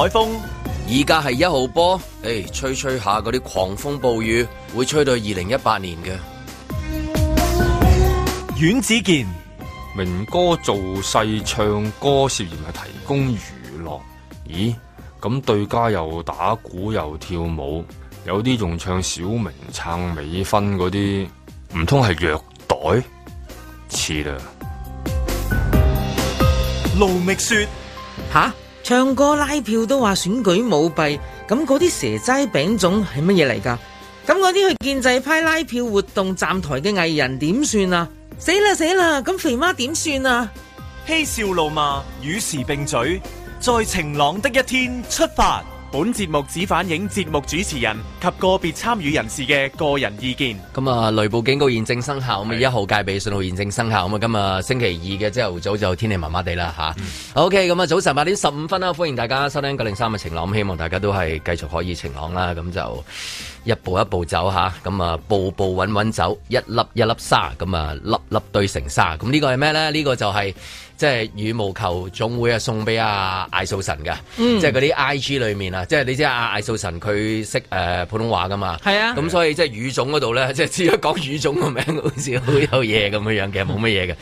海風，而家係一號波，誒、哎，吹吹下嗰啲狂風暴雨，會吹到二零一八年嘅。阮子健，明哥做細唱歌，涉嫌係提供娛樂。咦，咁對家又打鼓又跳舞，有啲仲唱小明撐美婚嗰啲，唔通係虐待？似啦。盧覓雪，吓？唱歌拉票都話選舉舞弊，咁嗰啲蛇齋餅粽係乜嘢嚟噶？咁嗰啲去建制派拉票活動站台嘅藝人點算啊？死啦死啦！咁肥媽點算啊？嬉笑怒罵與時並舉，在晴朗的一天出發。本節目只反映節目主持人及個別參與人士嘅個人意見。咁啊，雷暴警告現正生效，咁啊一號戒備信號現正生效，咁啊今日星期二嘅朝頭早就天氣麻麻地啦吓。OK，咁啊早晨八點十五分啦，歡迎大家收聽九零三嘅晴朗，咁希望大家都係繼續可以晴朗啦，咁就一步一步走吓，咁啊步步穩穩走，一粒一粒沙，咁啊粒粒堆成沙，咁呢個係咩咧？呢個就係。即係羽毛球總會啊，送俾阿艾素神嘅、嗯，即係啲 I G 裏面啊，即係你知啊艾素神佢識誒普通話噶嘛，係啊、嗯，咁所以即係羽總嗰度咧，即係只係講羽總個名字好似好有嘢咁樣樣嘅，冇乜嘢嘅。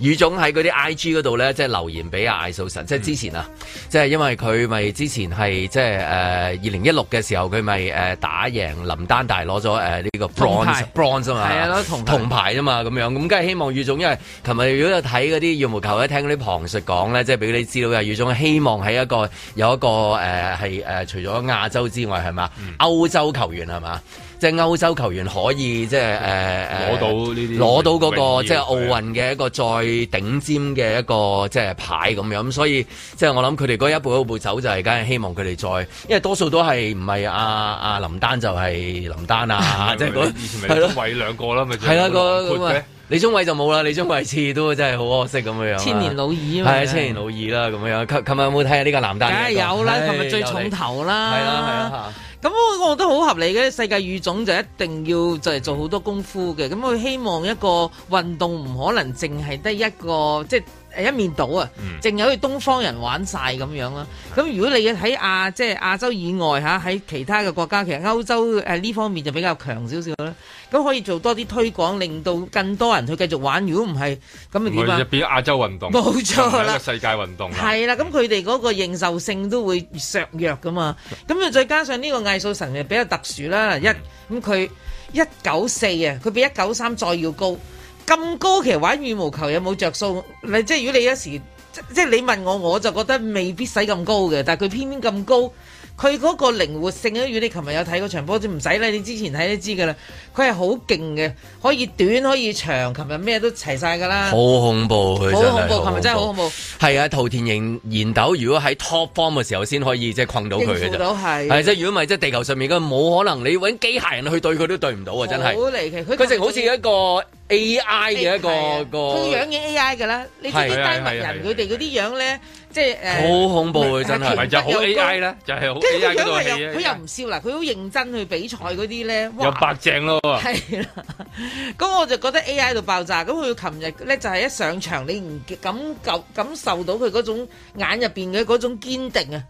羽總喺嗰啲 I G 度咧，即係留言俾阿艾素神，即係之前啊，即、嗯、係因為佢咪之前係即係誒二零一六嘅時候，佢咪誒打贏林丹大攞咗誒呢個 bronze bronze 啊嘛，係啊，銅牌啊嘛，咁樣咁梗係希望羽總，因為琴日如果有睇嗰啲羽毛球咧，聽啲旁述講咧，即係俾你知道，又有種希望喺一個有一個誒係誒，除咗亞洲之外，係嘛，歐洲球員係嘛，即係歐洲球員可以即係誒攞到呢啲、那個，攞到嗰個即係奧運嘅一個、啊、再頂尖嘅一個即係牌咁樣，所以即係我諗佢哋嗰一步一步走就係，梗係希望佢哋再，因為多數都係唔係阿阿林丹就係林丹啊，即係嗰位兩個啦，咪係啦。李宗偉就冇啦，李宗偉次都真係好可惜咁樣，千年老二啊，係啊，千年老二啦咁樣。近近排有冇睇呢個男單？梗係有啦，近排最重頭啦。係啦係啦，咁、啊啊啊、我我覺得好合理嘅，世界羽總就一定要就係做好多功夫嘅。咁、嗯、我希望一個運動唔可能淨係得一個即係。一面倒啊，淨係好似東方人玩晒咁樣啦。咁、嗯、如果你喺亞即係、就是、亞洲以外嚇，喺其他嘅國家，其實歐洲誒呢方面就比較強少少啦。咁可以做多啲推廣，令到更多人去繼續玩。如果唔係，咁咪點啊？變亞洲運動冇錯啦，世界運動係啦。咁佢哋嗰個認受性都會削弱㗎嘛。咁啊，再加上呢個藝術神又比較特殊啦。一咁佢一九四啊，佢、嗯、比一九三再要高。咁高，其實玩羽毛球有冇着數？你即係，如果你有時即，即係你問我，我就覺得未必使咁高嘅，但係佢偏偏咁高。佢嗰個靈活性，如果你琴日有睇過場波，就唔使啦。你之前睇都知噶啦，佢係好勁嘅，可以短可以長。琴日咩都齊晒噶啦。好恐怖佢真係，琴日真係好恐怖。係啊，桃田賢斗，如果喺 top form 嘅時候先可以即係困到佢嘅就係係即係如果唔係即係地球上面嘅冇可能，你搵機械人去對佢都對唔到啊！真係好離奇，佢成好似一個 AI 嘅一個一個佢樣嘅 AI 㗎啦。你知啲機械人佢哋嗰啲樣咧。即係誒，好、呃、恐怖啊！真係，就好、是、AI 啦，就係、是、好 AI 嗰個佢又唔消啦，佢好認真去比賽嗰啲咧，哇！有白正咯，係啦。咁我就覺得 AI 度爆炸。咁佢琴日咧就係、是、一上場你唔感覺感受到佢嗰種眼入邊嘅嗰種堅定啊！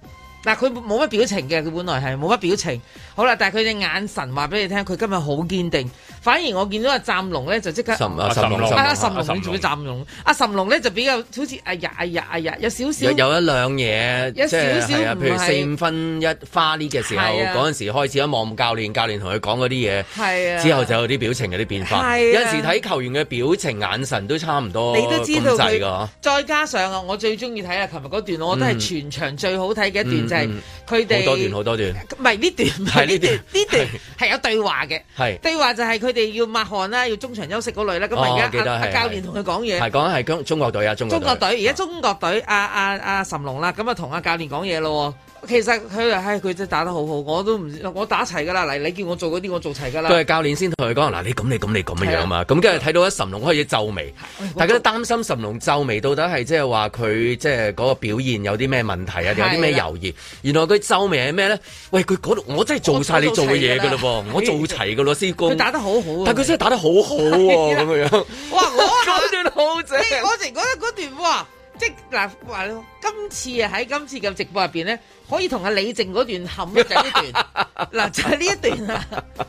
但佢冇乜表情嘅，佢本來係冇乜表情。好啦，但係佢隻眼神話俾你聽，佢今日好堅定。反而我見到阿湛龍咧，就即刻。阿湛龍咧？阿湛龍咧？阿湛龍咧，就比較，好似，哎呀，哎呀，哎呀，有少少，有一兩嘢，有少少，譬如四分一花呢嘅時候，嗰陣時開始一望教練，教練同佢講啲嘢，係啊，之後就有啲表情，有啲變化。有陣時睇球員嘅表情、眼神都差唔多。你都知道，再加上，我最中意睇，尋日嗰段我覺得係全場最好睇嘅一段。佢哋好多段好多段，唔係呢段唔係呢段，呢段係有對話嘅。對話就係佢哋要抹汗啦，要中場休息嗰類啦。咁而家阿教練同佢講嘢，係講緊係中中國隊啊，中國隊。中國隊而家中國隊阿阿阿岑龍啦，咁啊同阿教練講嘢咯。其實佢係佢真係打得好好，我都唔我打齊噶啦。嗱，你叫我做嗰啲，我做齊噶啦。佢係教練先同佢講，嗱，你咁你咁你咁嘅樣嘛。咁跟住睇到阿神龍開始皺眉，大家都擔心神龍皺眉，到底係即係話佢即係嗰個表現有啲咩問題啊，有啲咩猶豫。原來佢皺眉係咩咧？喂，佢嗰度我真係做晒你做嘅嘢噶啦噃，我做齊噶咯，師哥。佢打得好好、啊，但佢真係打得好好、啊、喎，咁樣。哇，我咁、啊、樣 好正。我段即係嗱，話，今次啊，喺今次嘅直播入邊咧，可以同阿李靜嗰段冚一呢一段，嗱 就係呢一段啊！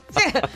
即係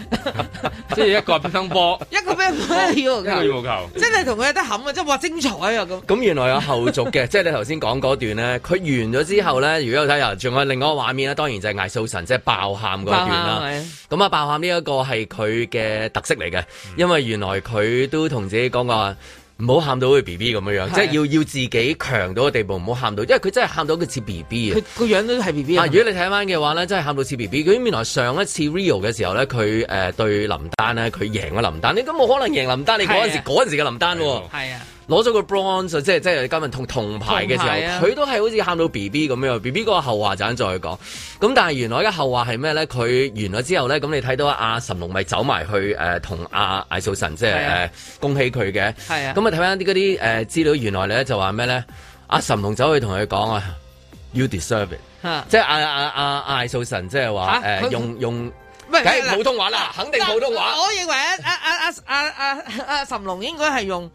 即係一個乒乓波，一個乒乓波，一個羽毛球，真係同佢有得冚啊！ 即係話精彩啊咁。咁原來有後續嘅， 即係你頭先講嗰段咧，佢完咗之後咧，如果有睇人，仲有另外一個畫面咧，當然就係艾素神即係爆喊嗰段啦。咁啊，爆喊呢一個係佢嘅特色嚟嘅，嗯、因為原來佢都同自己講過、嗯唔好喊到佢 B B 咁樣樣、啊，即係要要自己強到嘅地步，唔好喊到，因為佢真係喊到佢似 B B 啊！佢個樣都係 B B 啊！如果你睇翻嘅話咧，真係喊到似 B B。佢原來上一次 Rio 嘅時候咧，佢誒、呃、對林丹咧，佢贏咗林丹，你咁冇可能贏林丹？啊、你嗰陣時嗰陣、啊、時嘅林丹喎。係啊。攞咗個 bronze 即係即係今日同銅牌嘅時候，佢、啊、都係好似喊到 B B 咁樣，B B 嗰個後話陣再講。咁但係原來嘅後話係咩咧？佢完咗之後咧，咁你睇到阿、啊、阿神龍咪走埋去誒同阿艾素神即係誒恭喜佢嘅。係啊，咁啊睇翻啲嗰啲誒資料，原來咧就話咩咧？阿、啊、神龍走去同佢講啊，You deserve it，即係阿阿阿艾素神即係話誒用用，梗係普通話啦、啊，肯定普通話、啊。我認為阿阿阿阿阿阿阿神龍應該係用。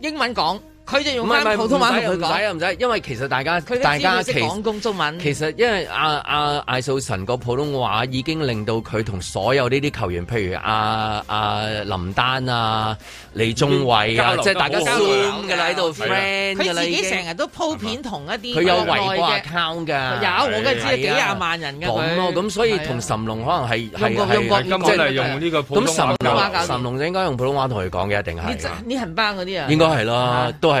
英文講。佢就用唔翻普通話同佢講，唔使，因為其實大家大家識講中文，其實因為阿阿、啊啊、艾素臣個普通話已經令到佢同所有呢啲球員，譬如阿阿、啊啊、林丹啊、李宗偉啊，即係大家 warm 噶啦，喺度 friend 佢自己成日都鋪片同一啲，佢有微博嘅 account 噶，有我梗知幾廿萬人噶。咁所以同神龍可能係用即係用呢個普通話。神龍就應該用普通話同佢講嘅，一定係。啲恆班啲啊，應該係咯，都係。係、那、嗰個嗰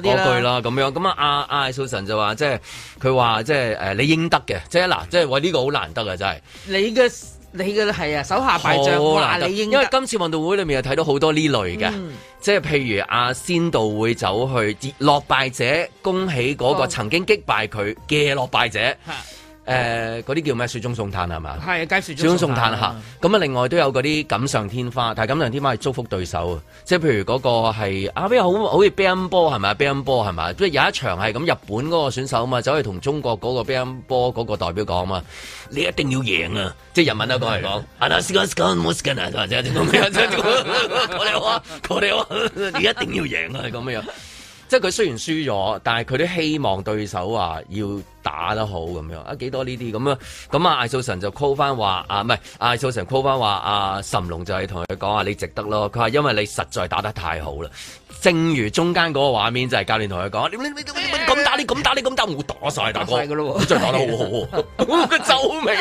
句、就是、啦，咁樣咁啊！阿阿蘇神就話，即係佢話，即係誒，你應得嘅，即係嗱，即係我呢個好難得嘅，真係。你嘅你嘅係啊，手下敗將話你應得，好難得，因為今次運動會裏面又睇到好多呢類嘅，即、嗯、係、就是、譬如阿仙、啊、道會走去，落敗者恭喜嗰個曾經擊敗佢嘅落敗者。哦誒嗰啲叫咩雪中送炭係嘛？係，街雪中送炭嚇。咁啊，另外都有嗰啲錦上添花，但係錦上添花係祝福對手啊。即係譬如嗰個係啊，好好似乒乓波係咪啊？乒乓波係咪啊？即係有一場係咁，日本嗰個選手啊嘛，走去同中國嗰個乒乓波嗰個代表講啊嘛，你一定要贏啊！即係日文都講嚟講啊，咩啊？ 你一定要贏啊！講咩啊？即係佢雖然輸咗，但係佢都希望對手話要打得好咁樣啊！幾多呢啲咁樣咁啊，艾素臣就 call 翻話啊，唔係艾素臣 call 翻話啊，神龍就係同佢講啊，你值得咯。佢話因為你實在打得太好啦。正如中間嗰個畫面就係、是、教練同佢講：你、哎、咁打你咁打你咁打你，我打晒。打」大哥。曬㗎真係打得好好，佢皺眉。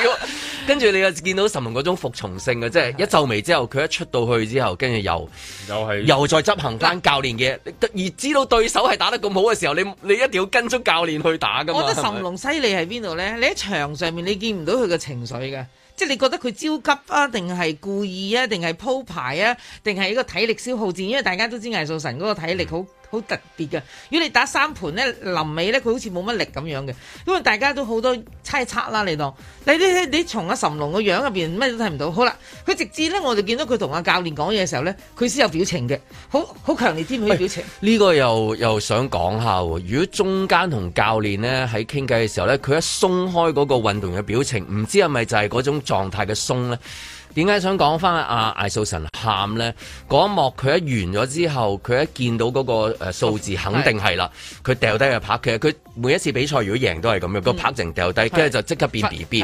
跟 住你又見到神龍嗰種服從性嘅，即 係一皺眉之後，佢一出到去之後，跟住又又，又再又執行翻教練嘅。而知道對手係打得咁好嘅時候，你你一定要跟足教練去打㗎嘛。我覺得神龍犀利喺邊度咧？你喺場上面你見唔到佢嘅情緒嘅。 即係你覺得佢焦急啊？定係故意啊？定係鋪排啊？定係一個體力消耗戰？因為大家都知魏晉神個體力好。好特別嘅，如果你打三盤咧，臨尾咧佢好似冇乜力咁樣嘅，因為大家都好多猜測啦，你當你你你從阿岑龍個樣入面，乜都睇唔到，好啦，佢直至咧我哋見到佢同阿教練講嘢嘅時候咧，佢先有表情嘅，好好強烈添，佢嘅表情。呢個又又想講下喎，如果中間同教練咧喺傾偈嘅時候咧，佢一鬆開嗰個運動嘅表情，唔知係咪就係嗰種狀態嘅鬆咧？點解想講翻阿艾素臣喊咧？嗰一幕佢一完咗之後，佢一見到嗰個誒數字，肯定係啦。佢掉低去拍劇，佢每一次比賽如果贏都係咁樣，嗯個拍淨掉低，跟住就即刻變 B B。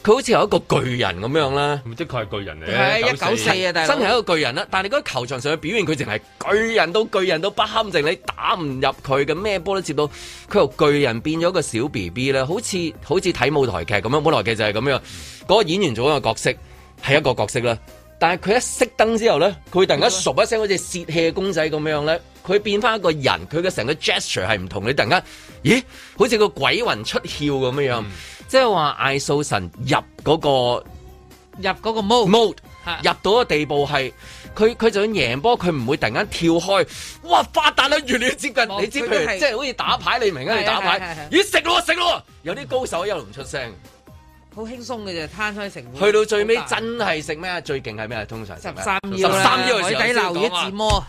佢好似有一個巨人咁樣啦，即確係巨人嚟嘅，一九四啊，真係一個巨人啦。但係你球場上嘅表現，佢淨係巨人到巨人都不堪，淨你打唔入佢嘅咩波都接到，佢由巨人變咗個小 B B 咧，好似好似睇舞台劇咁樣，本來嘅就係咁樣，嗰個演員做一個角色。係一個角色啦，但係佢一熄燈之後咧，佢突然間熟一聲，好似泄氣嘅公仔咁樣呢。咧，佢變翻一個人，佢嘅成個 gesture 係唔同，你突然間，咦，好似個鬼魂出竅咁樣樣，即係話艾素神入嗰、嗰個入嗰個 mode mode，入到個地步係，佢佢想贏波，佢唔會突然間跳開，哇，發達啦，越嚟越接近，你知譬如即係好似打牌，你明啦，你打牌，咦，食咯，食咯，食咯，有啲高手又唔出聲。好輕鬆嘅啫，攤開食。去到最尾真係食咩？最勁係咩？通常十三幺啦，海底撈一字摸，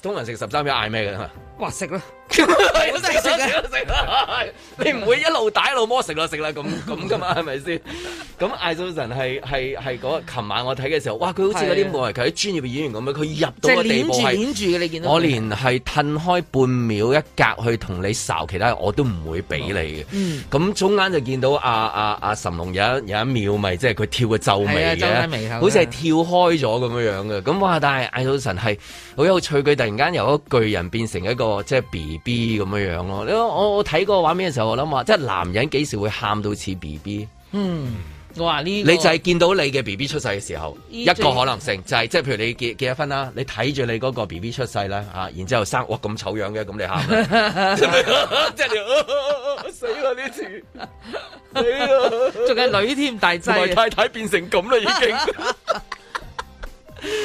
通常食十三幺嗌咩嘅？話食啦，食食食， 的的 你唔會一路打一路摸食啦食啦咁咁噶嘛係咪先？咁 艾都神係係係，嗰琴晚我睇嘅時候，哇，佢好似嗰啲舞台劇啲專業演員咁樣，佢入到個地步係、就是、我連係褪開半秒一格去同你睄，其他我都唔會俾你嘅。咁、嗯、中間就見到阿阿阿神龍有一有一秒咪即係佢跳個皺眉好似係跳開咗咁樣樣嘅。咁哇，但係艾都神係好有趣，佢突然間由一個巨人變成一個。即係 B B 咁樣樣咯，我我睇嗰個畫面嘅時候，我諗話，即係男人幾時會喊到似 B B？嗯，我話呢，你就係見到你嘅 B B 出世嘅時候，一個可能性就係、是，即係譬如你結結咗婚啦，你睇住你嗰個 B B 出世啦，啊，然之後生，哇，咁醜樣嘅，咁你喊 死啦呢次，死啦，仲 係女添大劑，太太變成咁啦已經。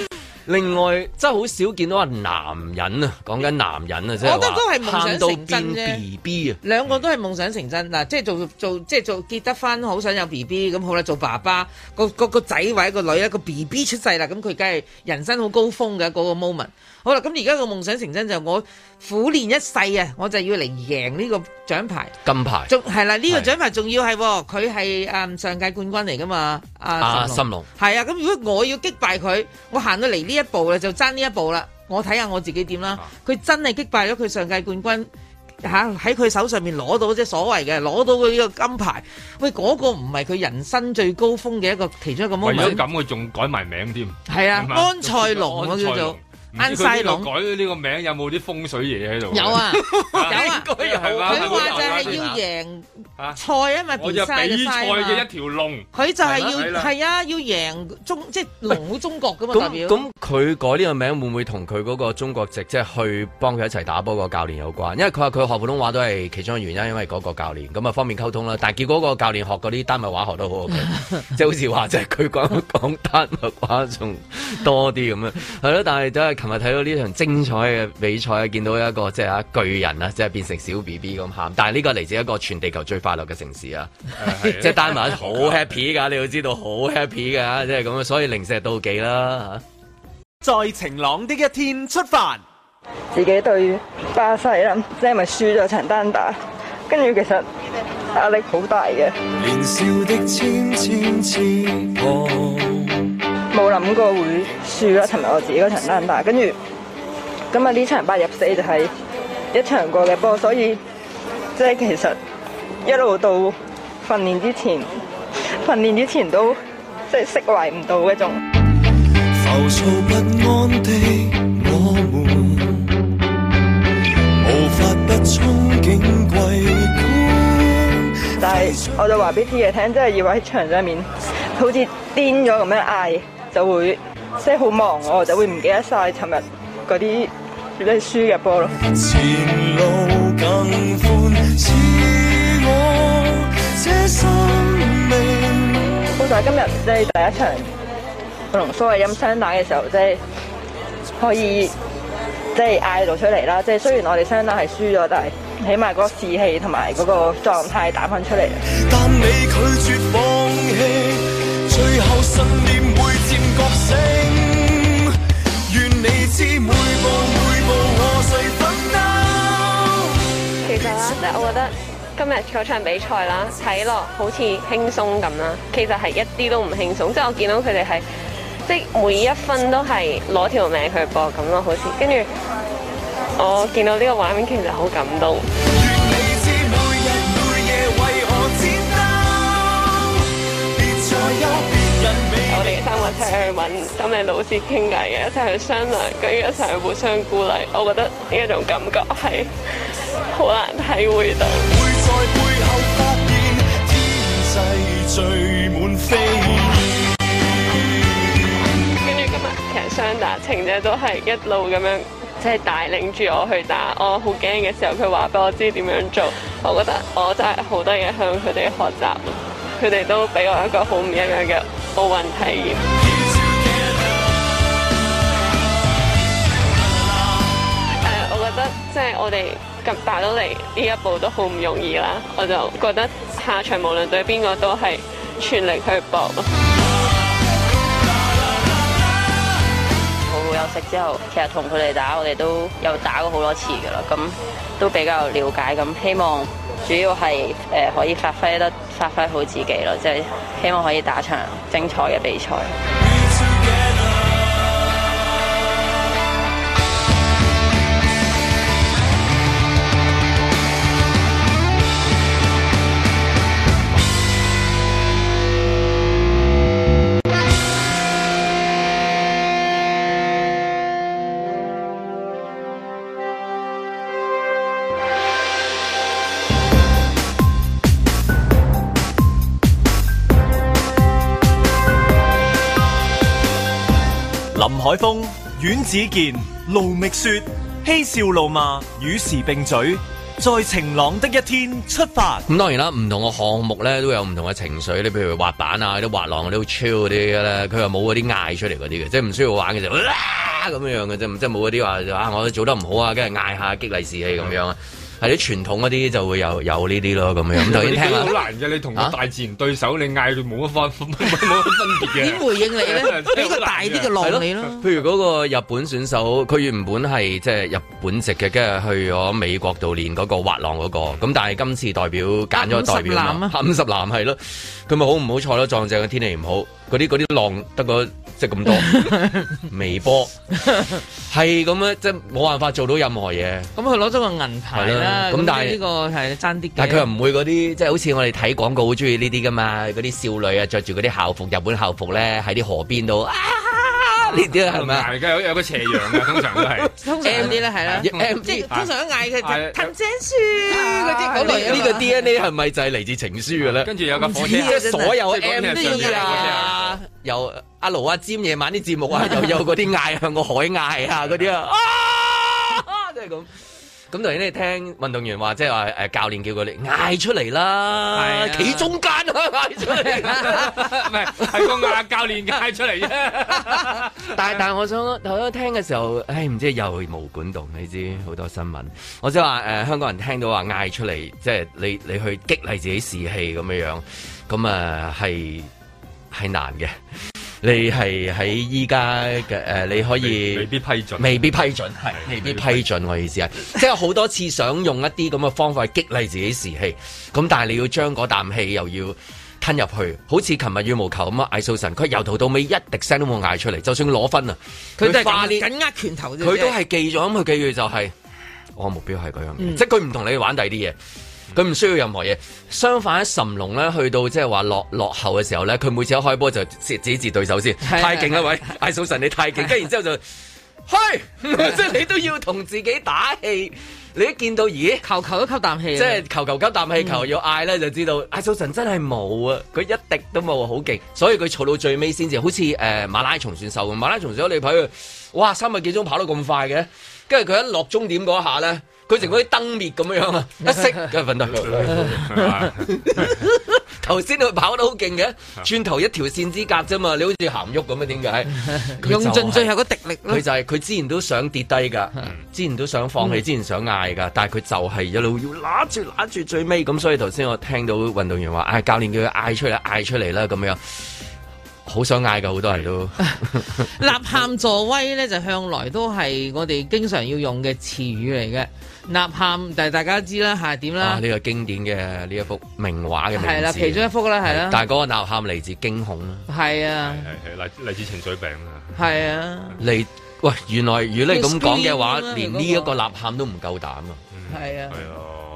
另外真係好少見到話男人啊，講緊男人啊，即係話我覺得都係夢想成真啫 B B 啊，兩個都係夢想成真嗱，即、嗯、係、即係、做做即係、即係、做結得翻，好想有 B B 咁好啦，做爸爸、個個、個仔或者個女一、個 B B 出世啦，咁佢梗係人生好高峰嘅嗰、個 moment。好啦，咁而家個夢想成真就我苦練一世啊，我就要嚟贏呢個獎牌金牌。仲係啦，呢、這個獎牌仲要係，佢係、哦、上屆冠軍嚟噶嘛？啊，賽龍係啊。咁如果我要擊敗佢，我行到嚟呢一步啦，就爭呢一步啦。我睇下我自己點啦。佢、啊、真係擊敗咗佢上屆冠軍吓，喺、啊、佢手上面攞到即係所謂嘅，攞到佢呢個金牌。喂、嗰、那個唔係佢人生最高峰嘅一個其中一個魔。為咗咁，佢仲改埋名添。係、嗯、啊，安賽龍我叫做。晏細龍改呢個名有冇啲風水嘢喺度？有啊， 有啊。佢話就係要贏賽啊，咪變晒賽嘅一條龍，佢就係要係啊，要贏中即係龍中國噶嘛。代表咁佢改呢個名會唔會同佢嗰個中國籍即係、就是、去幫佢一齊打波個教練有關？因為佢話佢學普通話都係其中嘅原因，因為嗰個教練咁啊方便溝通啦。但係結果個教練學嗰啲丹麥話學得好過佢，即 係好似話就係佢講講丹麥話仲多啲咁樣係咯。但係真係。同埋睇到呢場精彩嘅比賽啊，見到一個即係啊巨人啊，即係變成小 B B 咁喊，但係呢個嚟自一個全地球最快樂嘅城市啊 即係丹麥好 happy 噶，你要知道好 happy 噶，即係咁，所以零石到忌啦嚇。在晴朗一的一天出發，自己對巴西啦，即係咪輸咗場丹打，跟住其實壓力好大嘅。年少的潛潛潛冇諗過會輸啦，尋日，我自己嗰場單打，跟住咁啊呢場八入四就係一場過嘅波，不過所以即係其實一路到訓練之前，訓練之前都即係釋懷唔到嗰種。但係我就話俾 T 姐聽，即係以為喺場上面好似癲咗咁樣嗌。就會即係好忙，我就會唔記得晒尋日嗰啲咩輸嘅波咯。好在今日即係第一場可能蘇偉飲雙打嘅時候，即係可以即係嗌到出嚟啦。即係雖然我哋雙打係輸咗，但係起碼嗰個士氣同埋嗰個狀態打翻出嚟。但願你知每步每步我其實啦，即係我覺得今日嗰場比賽啦，睇落好似輕鬆咁啦，其實係一啲都唔輕鬆。即係我見到佢哋係，即係每一分都係攞條命去搏咁咯，好似。跟住我見到呢個畫面，其實好感動。一齊去揾心理老師傾偈嘅，一齊去商量，跟住一齊去互相鼓勵。我覺得呢一種感覺係好難體會到。跟住今日其實雙打程姐都係一路咁樣即係帶領住我去打。我好驚嘅時候，佢話俾我知點樣做。我覺得我真係好多嘢向佢哋學習。佢哋都俾我一個好唔一樣嘅。奧運體驗。Uh, 我覺得即係我哋咁打到嚟呢一步都好唔容易啦，我就覺得下場無論對邊個都係全力去搏。好好休息之後，其實同佢哋打，我哋都有打過好多次㗎喇，咁都比較了解咁，希望。主要係誒可以發揮得發揮好自己咯，即係希望可以打場精彩嘅比賽。只見怒罵雪、嬉笑怒罵與時並嘴，在晴朗的一天出發。咁當然啦，唔同嘅項目咧都有唔同嘅情緒。你譬如滑板啊，啲滑浪嗰啲好超 h i 嗰啲咧，佢又冇嗰啲嗌出嚟嗰啲嘅，即係唔需要玩嘅就咁樣樣嘅啫，即係冇嗰啲話啊，我做得唔好啊，跟住嗌下激勵士氣咁樣啊。係啲傳統嗰啲就會有有呢啲咯咁樣已經，咁就先聽啦。好難嘅，你同個大自然對手，啊、你嗌佢冇乜分冇乜分別嘅。點 回應你咧，俾 個大啲嘅浪咯。譬如嗰個日本選手，佢原本係即係日本籍嘅，跟住去咗美國度練嗰個滑浪嗰、嗰個，咁但係今次代表揀咗代表五十、啊、男啊，五、啊、十男係咯，佢咪好唔好彩咯？壯正嘅天氣唔好，啲嗰啲浪得個。即咁多微波係咁咧，即係冇辦法做到任何嘢、 嗯。咁佢攞咗個銀牌啦。咁但係呢個係爭啲。但係佢、這個、又唔會嗰啲，即、就、係、是、好似我哋睇廣告好中意呢啲噶嘛，嗰啲少女啊，着住啲校服，日本校服咧，喺啲河邊度。啊呢啲啊係咪？大、嗯、家有有個斜陽嘅，通常都係 M 啲啦，係啦。即係通常都嗌佢藤井樹嗰啲，嗰、啊啊這個呢個 D N A 係咪就係嚟自情書嘅咧、啊？跟住有個火車，所有嘅所 M 都要啊！由阿盧啊尖夜晚啲節目啊，又有嗰啲嗌向個海嗌啊嗰啲啊！啊！真係咁。啊 咁但係你聽，運動員話，即係話誒，教練叫佢哋嗌出嚟啦，企、啊、中間、啊，嗌出嚟，係 個教練嗌出嚟啫 但係但係，我想我聽嘅時候，誒，唔知又去無管動，你知好多新聞。我即係話，誒、呃，香港人聽到話嗌出嚟，即、就、係、是、你你去激勵自己士氣咁樣樣，咁啊係係難嘅。你係喺依家嘅誒，你可以未必批准，未必批准，係未必批准，我意思係，即係好多次想用一啲咁嘅方法去激勵自己士氣，咁但係你要將嗰啖氣又要吞入去，好似琴日羽毛球咁啊！艾數神，佢由頭到尾一滴聲都冇嗌出嚟，就算攞分啊，佢都係咁緊握拳頭，佢都係記咗，咁佢記住就係我目標係嗰樣，即係佢唔同你玩第二啲嘢。佢唔需要任何嘢，相反喺神龍咧，去到即係話落落後嘅時候咧，佢每次一開波就指指對手先，太勁啦，喂， 艾蘇神你太勁，跟住之後就，嘿， 即係你都要同自己打氣，你一見到咦，球球都吸啖氣，即係球球吸啖氣，球要嗌，咧就知道， 艾蘇神真係冇啊，佢一滴都冇啊，好勁，所以佢坐到最尾先至，好似誒馬拉松選手咁，馬拉松，馬拉松如果你睇佢。哇！三個幾鐘跑得咁快嘅，跟住佢一落終點嗰下咧，佢成個燈滅咁樣啊！ 一熄，跟住瞓得。頭先佢跑得好勁嘅，轉頭一條線之隔啫嘛，你好似行唔喐咁啊？點解、 就是？用盡最後嘅滴力佢就係、是、佢之前都想跌低噶，之前都想放棄， 之前想嗌噶，但係佢就係一路要攬住攬住最尾咁，所以頭先我聽到運動員話，唉、哎，教練叫佢嗌出嚟，嗌出嚟啦，咁樣。好想嗌噶好多人都，吶 喊助威咧就向來都係我哋經常要用嘅詞語嚟嘅。吶喊，但係大家知啦，係點啦？呢、啊、個經典嘅呢一幅名畫嘅名畫嘅係啦，其中一幅啦，係啦。但係嗰個吶喊嚟自驚恐啦。係啊，係係嚟嚟自情緒病啊。係啊，嚟喂，原來如果你咁講嘅話，的連呢一個吶喊都唔夠膽啊。係啊。係、嗯、啊。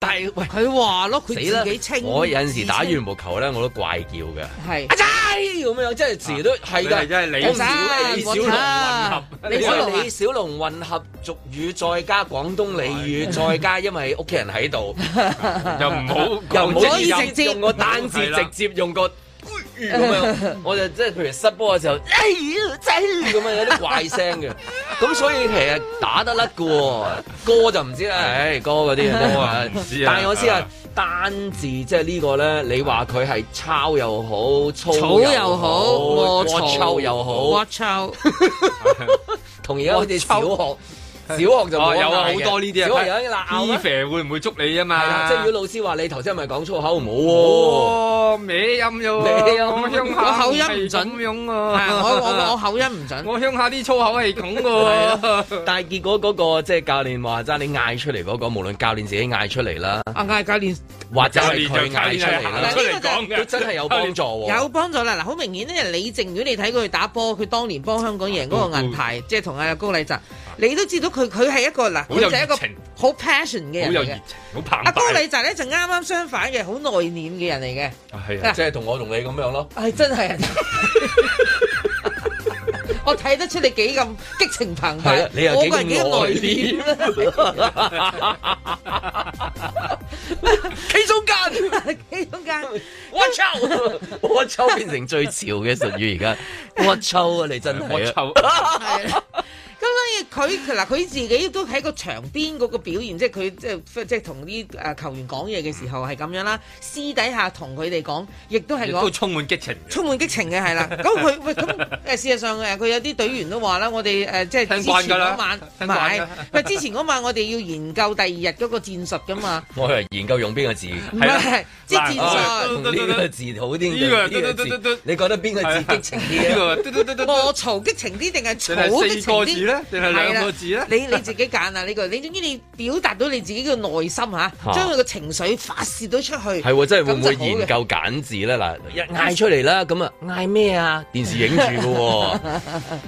但係，喂，佢話咯，佢自己清。我有陣時候打羽毛球咧，我都怪叫嘅。係，阿仔咁樣，即係時都係㗎。啊、你真係李、啊、李小李小龍混合，你係李小龍混合俗語，再加廣東俚語，再、啊、加、啊啊、因為屋企人喺度， 又唔好又唔可以直接用個單字，直接用個。咁啊，我就即係譬如失波嘅時候，哎呀，即咁啊，有啲怪聲嘅。咁 所以其實打得甩嘅，歌就唔知啦。唉、 哎，歌嗰啲啊，唔知啊。但係我知啊， 單字即係呢個咧，你話佢係抄又好，粗又好，齷齪又好，齷齪。我 同而家好似小學。小學就哦，有啊，好多呢啲啊，Eve 會唔會捉你啊嘛？即係如果老師話你頭先咪講粗口唔好，咩、啊哦、音咗、啊，我口音唔準咁樣、啊、我我，我口音唔準，我鄉下啲粗口係咁嘅。但係結果嗰、那個即係、就是、教練話齋，你嗌出嚟嗰、那個，無論教練自己嗌出嚟啦，嗌教練或者係佢嗌出嚟啦，出嚟講嘅，真係有幫助，有幫助啦！嗱，好明顯呢，李靜，如果你睇佢打波，佢當年幫香港贏嗰個銀牌，即係同阿高禮澤。你都知道佢佢係一個嗱，佢就係一個好 passion 嘅人嘅。好有熱情，好澎湃。阿高禮澤咧就啱啱相反嘅，好內斂嘅人嚟嘅。係啊，啊，啊，即係同我同你咁樣咯。係、哎、真係、啊， 我睇得出你幾咁激情澎湃，我係幾咁內斂。企 中間間，企 中間，watch out watch out？Watch out, watch out, 變成最潮嘅術語而家 watch out！watch out 啊！你真係。佢佢嗱，佢自己都喺個場邊嗰個表現，即係佢即係即係同啲球員講嘢嘅時候係咁樣啦。私底下同佢哋講，亦都係充滿激情，充滿激情嘅係啦。咁佢咁事實上誒，佢有啲隊員都話啦，我哋誒、呃、即係之前嗰晚的的 之前嗰晚，我哋要研究第二日嗰個戰術噶嘛。我係研究用邊個字？即 戰術，邊個字好啲？你覺得邊個字激情啲？呢個，個， 一個 激情啲定係吵嘅情啲定係兩個字咧， 你你自己揀啊，呢、這個，你總之你表達到你自己嘅內心吓，將佢嘅情緒發泄到出去，係真係會唔會研究揀字咧？嗱，嗌出嚟啦，咁啊嗌咩啊？電視影住嘅，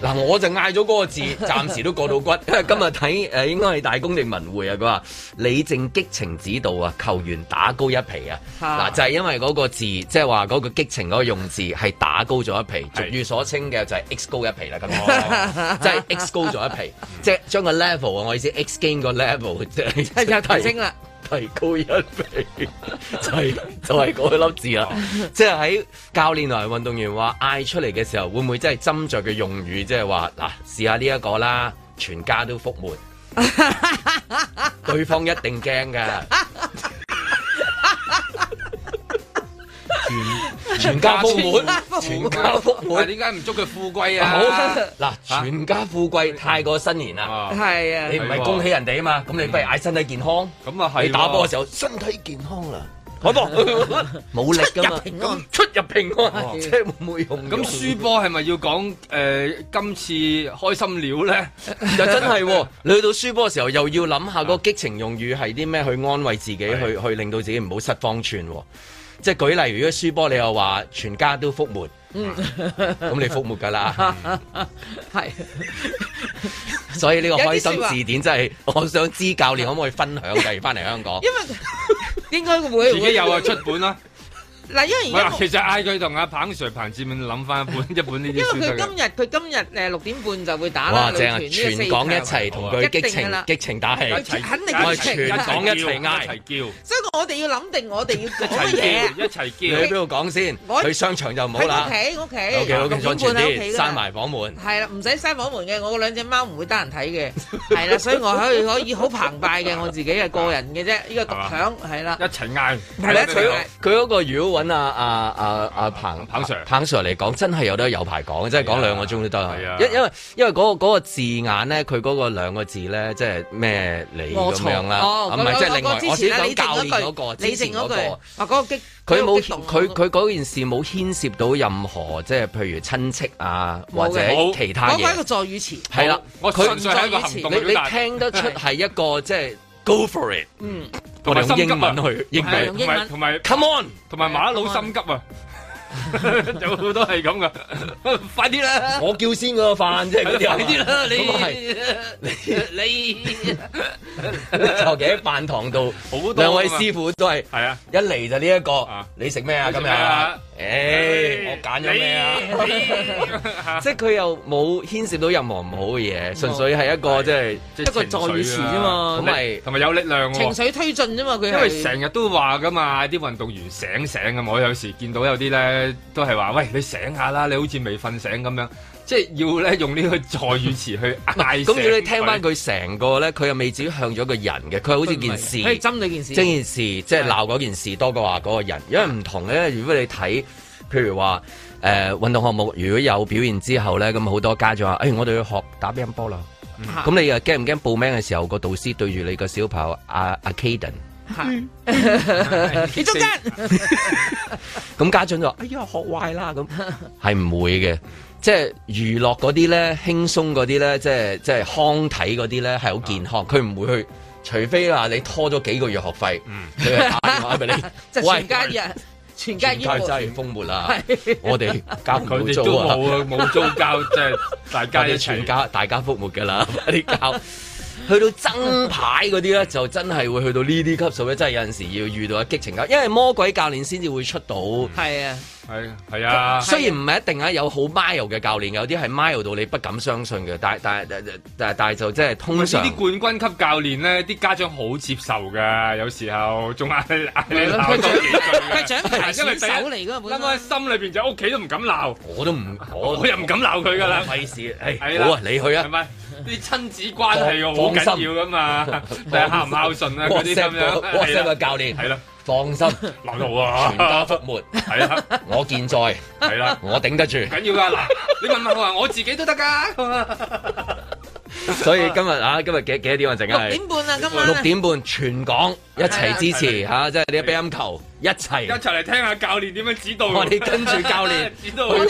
嗱 我就嗌咗嗰個字，暫時都過到骨。今日睇誒，應該係大公定文匯啊。佢話李靜激情指導啊，球員打高一皮啊。嗱、啊、就係、是、因為嗰個字，即係話嗰個激情嗰個用字係打高咗一皮，俗語所稱嘅就係 ex 高一皮啦。咁即係 x 高。咗一皮，即係將個 level 啊！我意思是，X game 個 level 即係提、就是、提升啦，提高一倍，係就係嗰粒字啦。即係喺教練同運動員話嗌出嚟嘅時候，會唔會真係斟酌嘅用語？即係話嗱，試下呢一個啦，全家都覆沒， 對方一定驚噶。 全家福滿，全家福滿。點解唔祝佢富貴啊？好嗱，全家富貴太過新年啦。係啊，你唔係恭喜人哋啊嘛？咁你不如嗌身體健康。咁啊係。你打波嘅時候，身體健康啦，好多冇力噶嘛？咁出入平安，即係冇用。咁輸波係咪要講誒？今次開心鳥咧，就真係你去到輸波嘅時候，又要諗下個激情用語係啲咩去安慰自己，去去令到自己唔好失方寸。即係舉例，如果輸波你又話全家都覆沒，咁 你覆沒噶啦， 所以呢個開心字典真係，我想知教練可唔可以分享的，例如翻嚟香港。 因為應該會。會自己又係 出本啦。嗱，因為而家其實嗌佢同阿彭 Sir 彭志敏諗翻一本一本呢啲，因為佢今日佢今日誒六點半就會打，哇正啊！全港一齊同佢激情啦，激情打氣，肯定激情，全港一齊嗌，一齊叫。所以講我哋要諗定，我哋要乜嘢，一齊叫。你去邊度講先？我去商場就唔好啦。喺屋企，屋企。O K，我咁左轉啲，閂埋房門。係啦，唔使閂房門嘅，我嗰兩隻貓唔會得人睇嘅。係啦，所以我可以可以好澎湃嘅，我自己嘅個人嘅啫。呢個獨享係啦。一齊嗌，係啦，佢佢嗰個如果話。跟阿阿阿彭彭 Sir、啊、彭 Sir 嚟講，真係有得有排講，即係講兩個鐘都得、啊。因為因為因為嗰個字眼咧，佢嗰個兩個字咧，即係咩你咁樣啦？唔係即係另外我先講教練嗰、那個，李靖嗰、那個那個那個那個、啊，嗰個激佢冇佢佢嗰件事冇牽涉到任何即係譬如親戚啊或者其他嘢。講翻一個助語詞係啦，佢唔再一個你，你聽得出係一個 即係。Go for it！嗯，同埋心急問佢，英文同埋，同埋 come on，同埋馬騮心急啊！有好多係咁噶，快啲啦！我叫先個飯啫，快啲啦！你你你，尤其喺飯堂度，兩位師傅都係係啊，一嚟就呢一個，你食咩啊？今日誒，我揀咗咩啊？即係佢又冇牽涉到任何唔好嘅嘢，純粹係一個即係一個助語詞啫嘛，同埋同埋有力量，情緒推進啫嘛，佢因為成日都話噶嘛，啲運動員醒醒噶嘛，我有時見到有啲咧。都係話喂，你醒下啦，你好似未瞓醒咁樣，即係要咧用呢個助語詞去嗌醒。咁 如果你聽翻佢成個咧，佢又未至於向咗個人嘅，佢好似件事，針對件事，整件事，即係鬧嗰件事多過話嗰個人。因為唔同咧，如果你睇，譬如話誒運動項目，如果有表現之後咧，咁好多家長話，誒、哎、我哋要學打乒乓波啦。咁、嗯、你又驚唔驚報名嘅時候，個導師對住你個小朋友阿阿、啊啊、Kaden？係， 你中間間咁 家長就話：哎呀，學壞啦！咁係唔會嘅，即係娛樂嗰啲咧，輕鬆嗰啲咧，即係即係康體嗰啲咧，係好健康。佢、啊、唔會去，除非話你拖咗幾個月學費，佢、嗯、打電話 你。即係全家人，全家人。太齋要覆沒啦！ 我哋教佢到冇租交，即 係髒交 大家一全家，大家覆沒噶啦，啲教。 去到爭牌嗰啲咧，就真係會去到呢啲級數咧，真係有陣時候要遇到一激情教，因為魔鬼教練先至會出到。係啊，係、嗯，係啊。雖然唔係一定啊，有好 mild 嘅教練，有啲係 mild 到你不敢相信嘅。但但但但但係就即係通常。啲冠軍級教練咧，啲家長好接受噶，有時候仲係鬧到幾鐘。佢獎牌係手嚟噶，本身我喺心裏邊就屋企都唔敢鬧，我都唔，我又唔敢鬧佢噶啦。費事，唉、哎，好啊，你去啊。拜拜啲親子關係又好緊要噶嘛？係孝唔孝順啊？嗰啲咁樣，係啊！教練係啦，放心，難度啊，全家覆沒，係啊，我健在，係啦，我頂得住，緊要噶嗱，你問問我話，我自己都得噶，所以今日啊，今日幾幾多點啊？陣間六點半啊，今日六點半全港一齊支持嚇，即係啲乒乓球一齊一齊嚟聽下教練點樣指導，我哋跟住教練，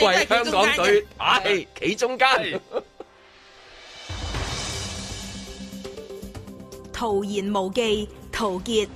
為香港隊，唉，企中間。陶言無忌，陶傑。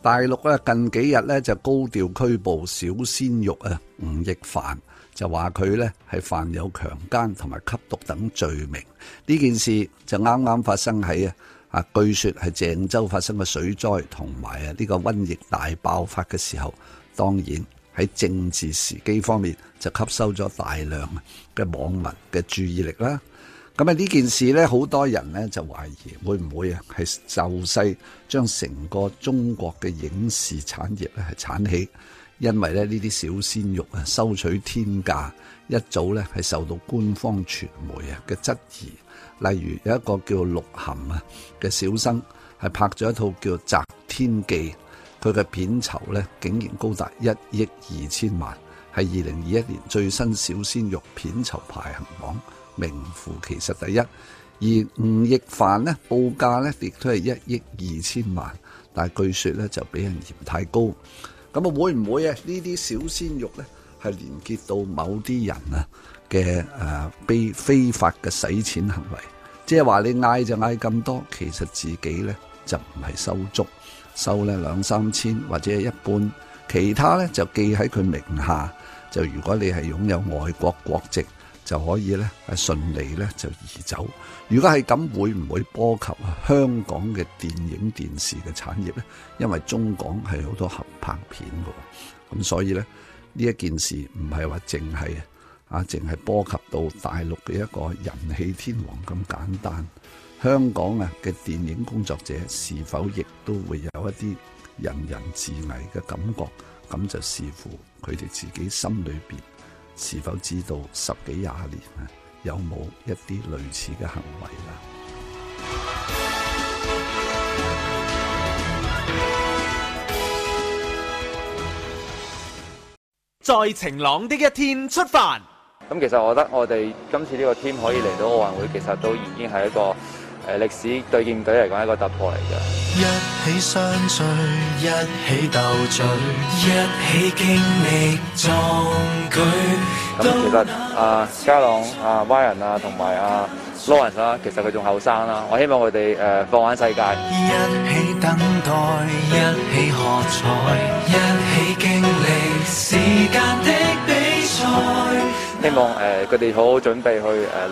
大陸咧近幾日咧就高調拘捕小鮮肉啊，吳亦凡就話佢咧係犯有強姦同埋吸毒等罪名。呢件事就啱啱發生喺啊，據說係鄭州發生嘅水災同埋啊呢個瘟疫大爆發嘅時候。當然喺政治時機方面就吸收咗大量嘅網民嘅注意力啦。咁啊！呢件事咧，好多人咧就懷疑會唔會啊，係就勢將成個中國嘅影視產業咧係鏟起，因為咧呢啲小鮮肉啊，收取天價，一早咧係受到官方傳媒啊嘅質疑。例如有一個叫鹿晗啊嘅小生，係拍咗一套叫《擇天記》，佢嘅片酬咧竟然高達一億二千萬，係二零二一年最新小鮮肉片酬排行榜。名副其實第一，而吳亦凡呢報價呢亦都係一億二千萬，但係據說呢就俾人嫌太高。咁啊會唔會啊呢啲小鮮肉呢係連結到某啲人啊嘅誒非非法嘅洗錢行為？即係話你嗌就嗌咁多，其實自己呢就唔係收足，收呢兩三千或者一半，其他呢就記喺佢名下。就如果你係擁有外國國籍。就可以咧，係順利咧就移走。如果係咁，會唔會波及香港嘅電影電視嘅產業咧？因為中港係好多合拍片嘅，咁所以咧呢一件事唔係話淨係啊，淨係波及到大陸嘅一個人氣天王咁簡單。香港啊嘅電影工作者是否亦都會有一啲人人自危嘅感覺？咁就視乎佢哋自己心裏邊。是否知道十幾廿年啊，有冇一啲類似嘅行為啦？在晴朗的一天出發，咁其實我覺得我哋今次呢個 team 可以嚟到奧運會，其實都已經係一個誒歷史，對劍隊嚟講一個突破嚟嘅。一起相聚一起鬥嘴，一起經歷壯舉咁其實啊家朗啊 y o n 啊同埋 lawrence 啦其實佢仲後生啦我希望佢哋、啊、放眼世界一起等待一起喝彩一起經歷時間的比賽希望誒佢哋好好準備去誒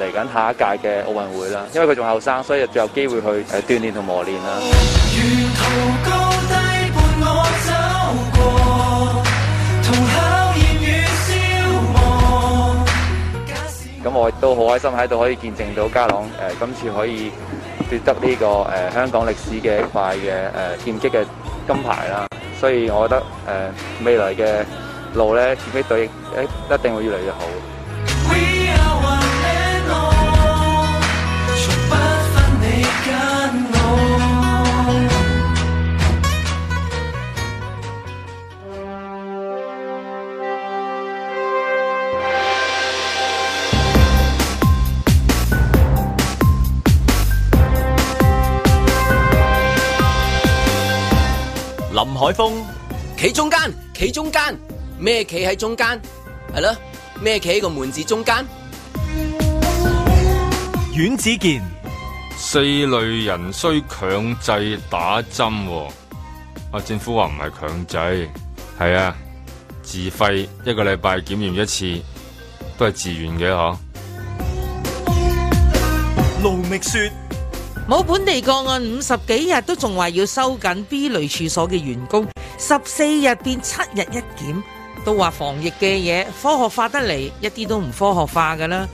嚟緊下一屆嘅奧運會啦，因為佢仲後生，所以就有機會去誒鍛鍊同磨練啦。咁我亦都好開心喺度可以見證到家朗誒今次可以奪得呢個誒香港歷史嘅一塊嘅誒劍擊嘅金牌啦，所以我覺得誒未來嘅路咧，劍擊隊一定會越嚟越好。海峰，企中間，企中間，咩企喺中間？係咯，咩企喺個門字中間？阮子健，四類人需強制打針、哦。阿政府話唔係強制，係啊，自費一個禮拜檢驗一次，都係自願嘅嗬。盧覓雪。冇本地個案五十幾日都仲話要收緊 B 類處所嘅員工，十四日變七日一檢，都話防疫嘅嘢科學化得嚟，一啲都唔科學化㗎啦。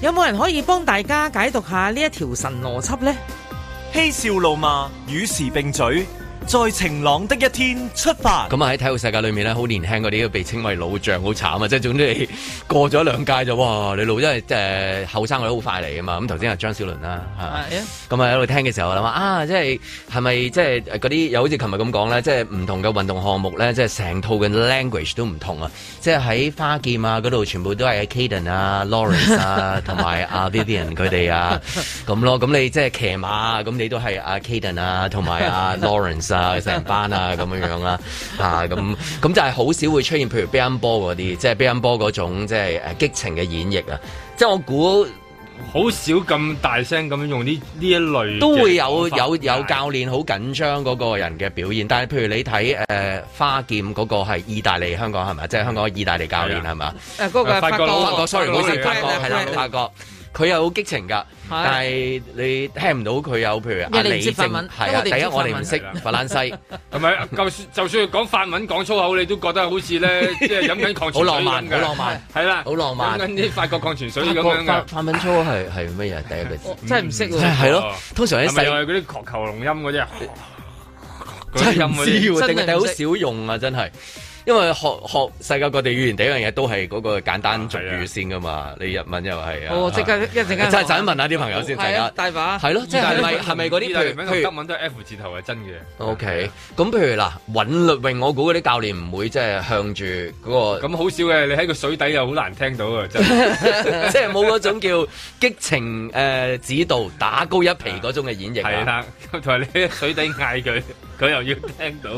有冇人可以幫大家解讀下呢一條神邏輯呢？嬉笑怒罵與時並嘴。在晴朗的一天出發，咁啊喺體育世界裏面咧，好年輕嗰啲都被稱為老將，好慘啊！即係總之你過咗兩屆就哇，你老真係誒後生女好快嚟啊嘛！咁頭先係張小倫啦，咁啊喺度聽嘅時候我諗啊，即係係咪即係嗰啲又好似琴日咁講咧，即係唔同嘅運動項目咧，即係成套嘅 language 都唔同啊！即係喺花劍啊嗰度，全部都係阿 Caden 啊、Lawrence 啊同埋阿 Vivian 佢哋啊咁咯。咁你即係騎馬咁，你都係阿 Caden 啊同埋阿 Lawrence 啊。 成 班啊，咁樣、啊啊、咁樣啦，嚇咁咁就係好少會出現，譬如乒乓波嗰啲，即係乒乓波嗰種即係誒激情嘅演繹啊！即係我估好少咁大聲咁樣用呢呢一類， 都會有有有教練好緊張嗰個人嘅表現。但係譬如你睇誒、呃、花劍嗰個係意大利香港係咪？即係香港意大利教練係咪啊？誒，嗰、啊嗰個法國，sorry，冇事，法國係啦，法國。法國法國。佢有激情噶，但係你聽唔到佢有譬如阿李靖，係啊，第一我哋唔識法蘭西，係咪？就算就算講法文講粗口，你都覺得好似咧，即係飲緊礦泉水咁。好浪漫，好浪漫，係啦，飲緊啲法國礦泉水咁樣嘅。法文粗口係咩嘢？第一個真係唔識。係咯，通常喺世界嗰啲鵲鵠龍音嗰啲，真係唔知，真係好少用啊！真係。因為學學世界各地語言，第一樣嘢都係嗰個簡單俗語先噶嘛，你日文又係、哦、啊，即刻一陣間，就就咁問下啲朋友先、哦啊，大把，係咯、啊，即係係咪嗰啲？譬、啊、德文都係 F 字頭係真嘅。O K，咁譬如嗱，韻律泳，我估嗰啲教練唔會即係向住嗰、那個，咁好笑嘅，你喺個水底又好難聽到啊，即係冇嗰種叫激情誒指導，打高一皮嗰種嘅演繹。係啦，同埋你喺水底嗌佢，佢又要聽到，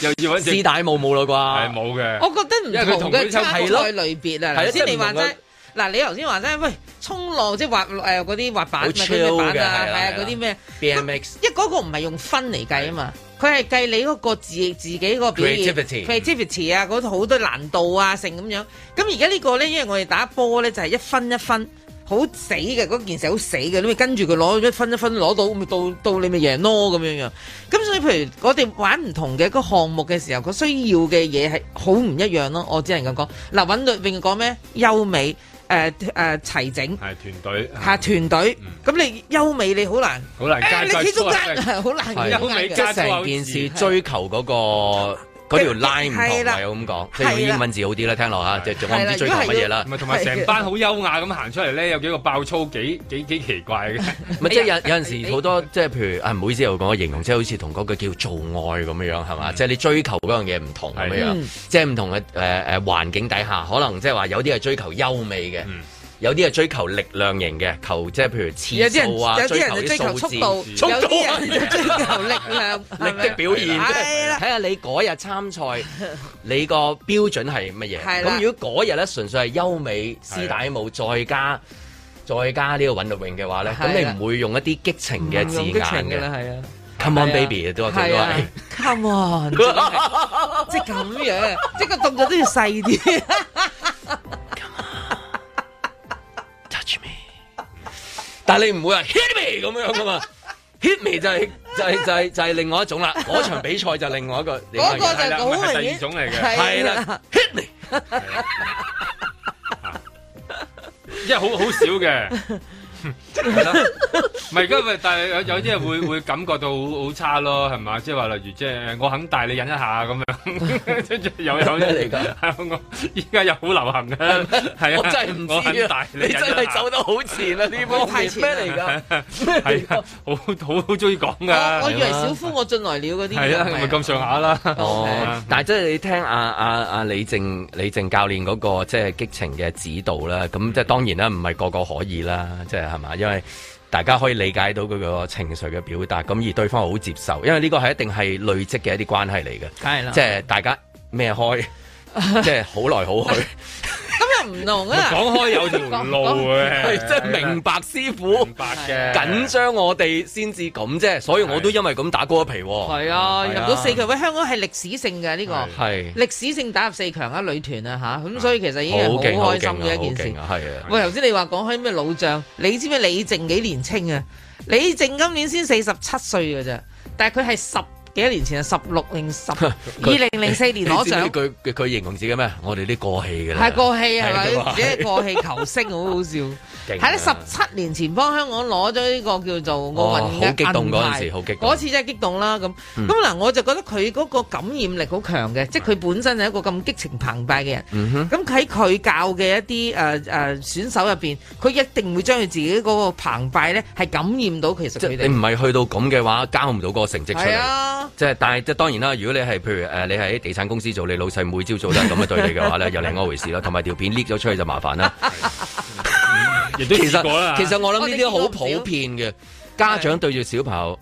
又要試帶冇冇啦啩？係冇嘅，我覺得唔同嘅，差唔多。類別啊。嗱，頭先你話齋，嗱、哎，你頭先話齋，喂，衝浪即係滑嗰啲、呃、滑板、咩板啊，係啊，嗰啲咩 BMX，一嗰個唔係用分嚟計啊嘛，佢係計你嗰個自己自己嗰個表現、Creativity, Creativity 啊，嗰度好多難度啊，成咁樣。咁而家呢個咧，因為我哋打波咧就係、是、一分一分。好死嘅嗰件事好死嘅，你咪跟住佢攞一分一分攞到，咪到到你咪贏咯咁樣樣。咁所以譬如我哋玩唔同嘅個項目嘅時候，佢需要嘅嘢係好唔一樣咯。我只能咁講。嗱，揾律仲講咩？優美誒誒齊整係團隊嚇團隊。咁你優美你好難，好難。你其中間啊，好難。優美即係成件事追求嗰個。嗰條 line 唔同，我咁講，即係用英文字好啲啦，聽落下，即係我唔知追求乜嘢啦。同埋成班好優雅咁行出嚟咧，有幾個爆粗，幾幾幾奇怪嘅。咪即係有有陣時好多即係譬如啊，唔好意思我講個形容，即係好似同嗰句叫做愛咁樣樣係嘛？即係你追求嗰樣嘢唔同咁樣，即係唔同嘅誒誒環境底下，可能即係話有啲係追求優美嘅。嗯。有啲係追求力量型嘅，求即係譬如次數啊，有啲人就追求，有人追求速度，速度啊，追求力量是是力的表現。睇下、就是、你嗰日參賽， 你個標準係乜嘢？咁如果嗰日咧純粹係優美絲帶舞，再加再加呢個韻律泳嘅話咧，咁你唔會用一啲激情嘅字眼嘅。Come on baby，都係都係。 Come on，總 即係咁這樣， 即係個動作都要細啲。 hit me，但係你唔會話 hit me 咁樣㗎嘛？hit me 就係就係就係就係另外一種啦，嗰場比賽就另外一個，嗰個就係第二種嚟嘅，係啦，hit me，即係好好少嘅。係 咯。唔係，但係有有啲會會感覺到好差咯，係嘛？即係話例如，即、就、係、是、我肯帶你忍一下咁樣，樣，樣，樣，有有咩嚟噶？我依家又好流行嘅，係啊！我真係唔知啊！你真係走得好前啦，呢波係咩嚟噶，係啊！好好中意講噶。我以為小夫我進來了嗰啲係咪咁上下啦。但係即係你聽阿阿李靜李靜教練嗰個即係激情嘅指導啦。咁即係當然啦，唔係個個可以啦，即、啊、係。啊啊啊啊係嘛？因為大家可以理解到佢個情緒嘅表達，咁而對方好接受。因為呢個係一定係累積嘅一啲關係嚟嘅，梗係啦，即係大家咩開。 即係好來好去，咁又唔同啊！講開有條路 即係明白師傅，明白嘅緊張我哋先至咁啫，所以我都因為咁打過一皮、哦。係啊，入到四強，喂，香港係歷史性嘅呢、這個，係歷史性打入四強啊，女團啊吓，咁所以其實已經係好開心嘅一件事。係啊，喂，頭先你話講開咩老將，你知唔知李靜幾年青啊？李靜今年先四十七歲噶啫，但係佢係十。幾多年前啊，十六定十二零零四年攞獎，佢佢形容自己咩？我哋啲過氣嘅啦，係過氣啊，自己過氣球星好好笑，係啦。十七年前幫香港攞咗呢個叫做奧運嘅銀牌，好激動嗰陣時，好激動。嗰次真係激動啦。咁咁嗱，我就覺得佢嗰個感染力好強嘅，即係佢本身係一個咁激情澎湃嘅人。咁喺佢教嘅一啲誒誒選手入邊，佢一定會將佢自己嗰個澎湃咧係感染到。其實你唔係去到咁嘅話，交唔到嗰個成績出嚟啊！即係，但係即當然啦。如果你係譬如誒，你喺地產公司做，你老細每朝做得咁嘅對你嘅話咧， 又另外一回事啦。同埋條片 lift 咗出去就麻煩啦。亦 都其實，其實我諗呢啲好普遍嘅家長對住小朋友，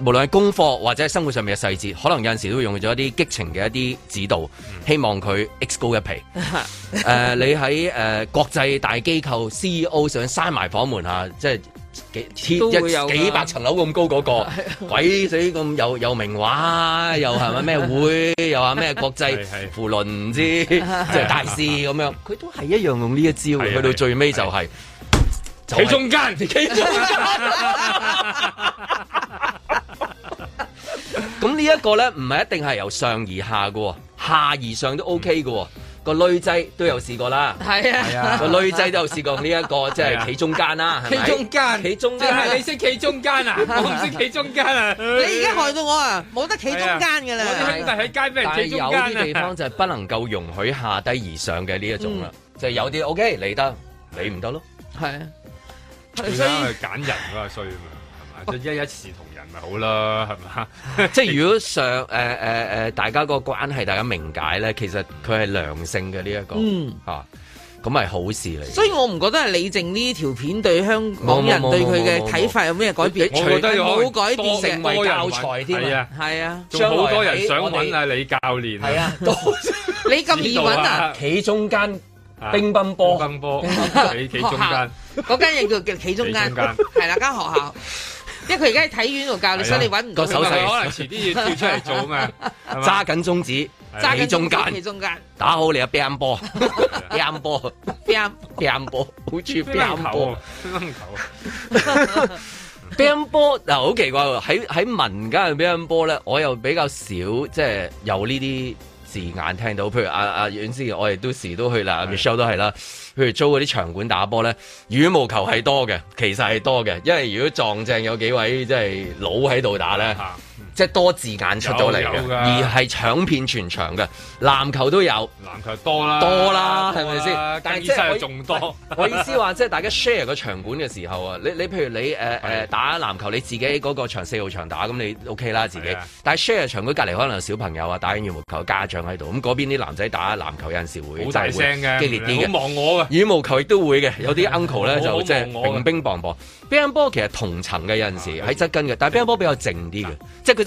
無論係功課或者係生活上面嘅細節，可能有陣時候都會用咗一啲激情嘅一啲指導，希望佢 X 高一皮。誒、 呃，你喺誒、呃、國際大機構 CEO 想上閂埋房門吓、啊，即係。幾千一幾，幾百層樓咁高嗰、那個的，鬼死咁有名話，又係咪咩會， 又話咩國際扶輪唔知即係大師咁樣，佢都係一樣用呢一招，去到最尾就係、是、喺、就是、中間，喺 中咁間 呢一個咧，唔係一定係由上而下嘅，下而上都 OK 嘅。嗯個女仔都有試過啦，係啊，個女仔都有試過呢、這、一個即係企中間啦，企、啊、中間，企中，你你識企中間啊？ 我唔識企中間啊！ 你而家害到我啊，冇得企中間嘅啦，兄弟喺街邊企中間，但係有啲地方就係不能夠容許下低而上嘅呢一種啦、嗯就，就係有啲 OK 你得，你唔得、啊、咯，係啊，啊，啊，啊，最緊要揀人衰啊嘛，係嘛，即係一一視同。好啦，係咪？即係如果上誒誒誒，大家個關係，大家明解咧，其實佢係良性嘅呢一個，吓咁係好事嚟。所以我唔覺得係李靜呢條片對香港人對佢嘅睇法有咩改變，冇改變嘅，成個教材添，係啊，仲好多人想搵阿李教練，係啊，你咁易揾啊？企中間乒乓波，乒乓波，企企中間，嗰間嘢叫叫企中間，係啦，間學校。因為佢而家喺體院度教你、啊，所以你揾唔到。個手勢可能遲啲要跳出嚟做啊！揸 緊中指，揸 緊中間，揸 緊中間，打好你嘅乒乓波，乒乓波，乒乓波，好似乒乓球，乒乓波就好奇怪喎！喺喺民間嘅乒乓波咧，我又比較少即係、就是、有呢啲字眼聽到，譬如阿阿阮思，我哋都時都去啦、 啊、，Michelle 都係啦。譬如租嗰啲場館打波呢，羽毛球係多嘅，其實係多嘅，因為如果撞正有幾位即係、就是、老喺度打呢。 即係多字眼出到嚟嘅，而係搶遍全場嘅。籃球都有，籃球多啦，多啦，係咪先？但係即係仲多。 我意思話，即係大家 share 個場館嘅時候啊，你你譬如你誒誒、呃、打籃球，你自己嗰個場四號場打咁，你 OK 啦自己。但係 share 場館隔離可能有小朋友啊打緊羽毛球，家長喺度，咁嗰邊啲男仔打籃球有陣時會好大聲嘅，激烈啲嘅。好望我嘅羽毛球亦都會嘅，有啲 uncle 咧、嗯、就即係乒乒乓乓。乒乓波其實同層嘅有陣時喺側根嘅，但係乒乓波比較靜啲嘅，即係佢。就得得得得得得得得得得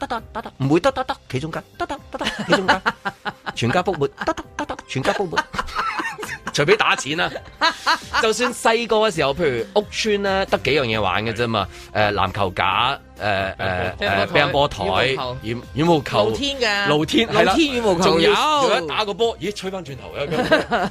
得得得得唔會得得得其中間，得得得得企中間，全家覆滅，得得得得全家覆滅，隨便打錢啦。就算細個嘅時候，譬如屋村咧，得幾樣嘢玩嘅啫嘛。誒，籃球架，誒誒誒，乒乓波台，羽毛球，露天噶，露天天羽毛球仲有，打個波，咦，吹翻轉頭啊，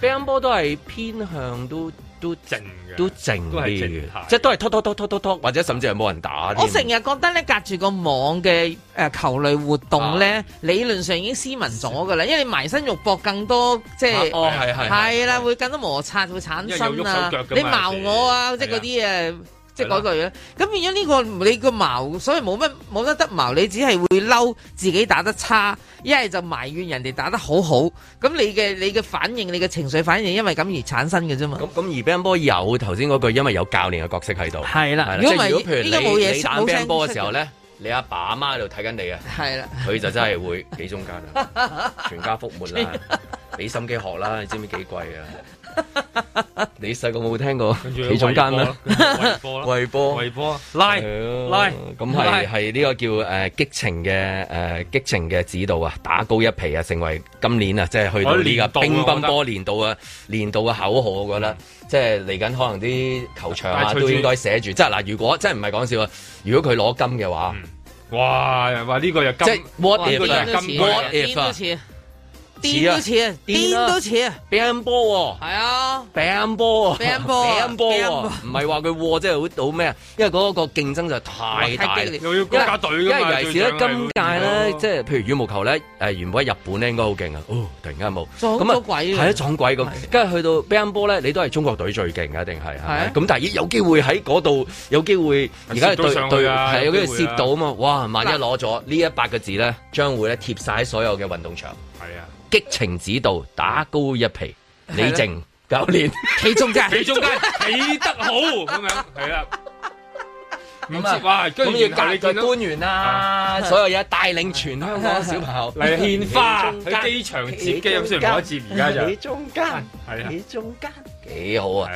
乒乓波都係偏向都。都靜嘅，都靜啲嘅，即係都係拖拖拖拖拖拖，或者甚至係冇人打。我成日覺得咧，隔住個網嘅誒、呃、球類活動咧，啊、理論上已經斯文咗㗎啦，因為你埋身肉搏更多，即係、啊、哦係係係啦，會更多摩擦會產生啊，你矛我啊，即係嗰啲誒。即係嗰句啦，咁變咗呢個你個矛，所謂冇乜冇乜得矛，你只係會嬲自己打得差，一係就埋怨人哋打得好好，咁你嘅你嘅反應，你嘅情緒反應，因為咁而產生嘅啫嘛。咁咁而乒乓波有頭先嗰句，因為有教練嘅角色喺度。係啦，因為如，如果譬如你、這個、你打乒乓波嘅時候咧，你阿爸阿媽喺度睇緊你啊，係啦，佢就真係會幾 中間啊，全家覆沒啦，俾 心機學啦，你知唔知幾貴啊？ 你細個冇聽過？企中間 啦，衛波，衛波，拉拉，咁係係呢個叫誒激情嘅誒激情嘅指導啊，打高一皮啊，成為今年啊，即係去到呢個乒乓波年度啊，年度嘅口號，我覺得、嗯、即係嚟緊可能啲球場啊都應該寫住，即係嗱，如果即係唔係講笑啊，如果佢攞金嘅話、嗯，哇，話、這、呢個又即係我哋就金我哋就金。即 what if 似都似啊，癲都似啊！乒乓波喎，係啊，乒乓波啊，乒乓波，乒乓波，乒乓波，乒乓波，乒乓波，唔係話佢即係好到咩啊？因為嗰、那個競、那個、爭就太大，又要國家隊噶嘛。因為尤其是呢，今屆咧，即係譬如羽毛球咧，誒、呃，原本喺日本咧應該好勁啊，哦，突然間冇，撞到鬼，係啊，撞鬼咁，跟住、啊、去到乒乓波咧，你都係中國隊最勁噶，一定係，係咪？咁、啊、但係咦，有機會喺嗰度，有機會而家對啊，係跟住攝到嘛，哇！萬一攞咗呢一百個字咧，將會咧貼晒喺所有嘅運動場，係啊。激情指導打高一皮，李靜教練企中間，企中間企得好咁樣，係啦。咁啊，哇！跟住各級官員啊，所有嘢帶領全香港小朋友嚟獻花，喺機場接機，有冇算唔可以接？而家就企中間，係企中間，幾好啊！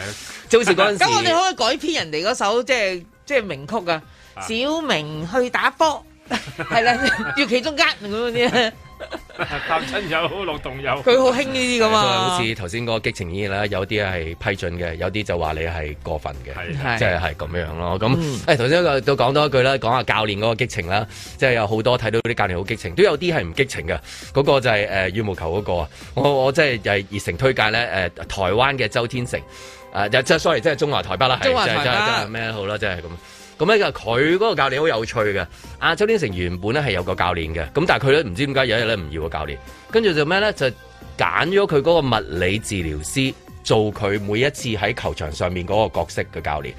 即係嗰陣時，咁我哋可以改編人哋嗰首即係即係名曲啊！小明去打波，係啦，要企中間咁嗰啲。搭親又好，落洞又好，佢好興呢啲噶嘛？好似頭先嗰個激情演啦，有啲係批准嘅，有啲就話你係過分嘅，即係係咁樣咯。咁、嗯、誒，頭先都講多一句啦，講下教練嗰個激情啦，即、就、係、是、有好多睇到啲教練好激情，都有啲係唔激情噶。嗰、那個就係誒羽毛球嗰個啊， 我我即係係熱誠推介咧。誒、呃，台灣嘅周天成誒，即、呃、係、就是、sorry，即係中華台北啦，係咩、就是就是就是、好啦，即係咁。咁佢嗰個教練好有趣嘅。阿周天成原本咧係有個教練嘅，咁但係佢咧唔知點解有日咧唔要個教練，跟住做咩咧就揀咗佢嗰個物理治療師做佢每一次喺球場上面嗰個角色嘅教練。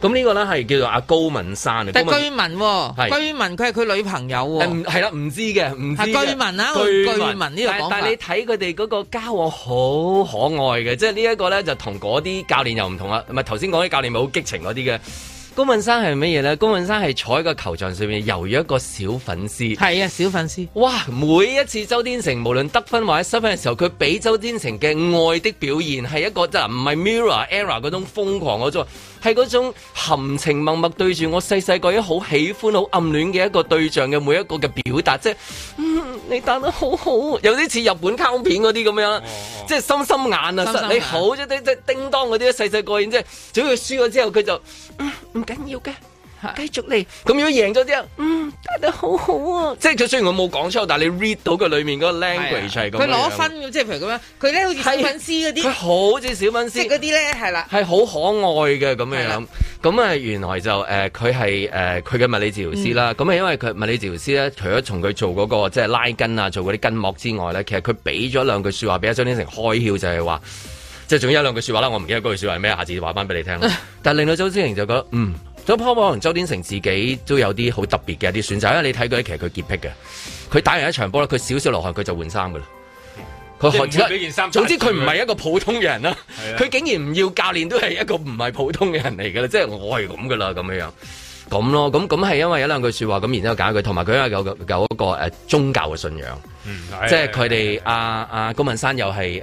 咁呢個咧係叫做阿高敏山啊。據聞，據聞佢係佢女朋友喎。係啦，唔知嘅，唔係據聞啊，據聞呢個講法。但係你睇佢哋嗰個交往好可愛嘅，即係呢一個咧就同嗰啲教練又唔同啦。唔係頭先講啲教練咪好激情嗰啲嘅。高文生係咩嘢咧？高文生係坐喺個球場上面，猶如一個小粉絲。係啊，小粉絲。哇，每一次周天成無論得分或者失分嘅時候，佢俾周天成嘅愛的表現係一個，就唔係 Mirror Era 嗰種瘋狂嗰種，係嗰種含情脈脈對住我細細個啲好喜歡、好暗戀嘅一個對象嘅每一個嘅表達，即係，嗯，你打得好好，有啲似日本卡通片嗰啲咁樣，即係心心眼啊！你好咗係即叮噹嗰啲細細個然之後，只要輸咗之後佢就。嗯緊要嘅，繼續嚟。咁如果贏咗之後，嗯，打得好好啊！即係佢雖然我冇講出口，但係你 read 到佢裏面嗰個 language 係咁、啊、樣。佢攞分嘅，即係譬如咁樣，佢咧好似小粉絲嗰啲，佢好似小粉絲嗰啲咧，係啦、啊，係好可愛嘅咁樣。咁啊，原來就誒，佢係誒，佢嘅、呃、物理治療師啦。咁、嗯、啊，因為佢物理治療師咧，除咗從佢做嗰、那個即係拉筋啊，做嗰啲筋膜之外咧，其實佢俾咗兩句說話俾阿張天成開竅，就係話。即係仲有一兩句說話啦，我唔記得嗰句說話係咩，下次話翻俾你聽。但係令到周之成就覺得，嗯，周波咁可能周天成自己都有啲好特別嘅一啲選擇。因為你睇佢其實佢潔癖嘅，佢打完一場波，佢少少落汗，佢就換衫噶啦。佢換件衫，總之佢唔係一個普通嘅人啦。佢竟然唔要教練，都係一個唔係普通嘅人嚟噶啦。即係我係咁噶啦，咁樣樣，咁咯，咁咁係因為有兩句說話，咁然之後講佢，同埋佢有有有一個誒宗教嘅信仰。嗯，即係佢哋阿阿高文山又係誒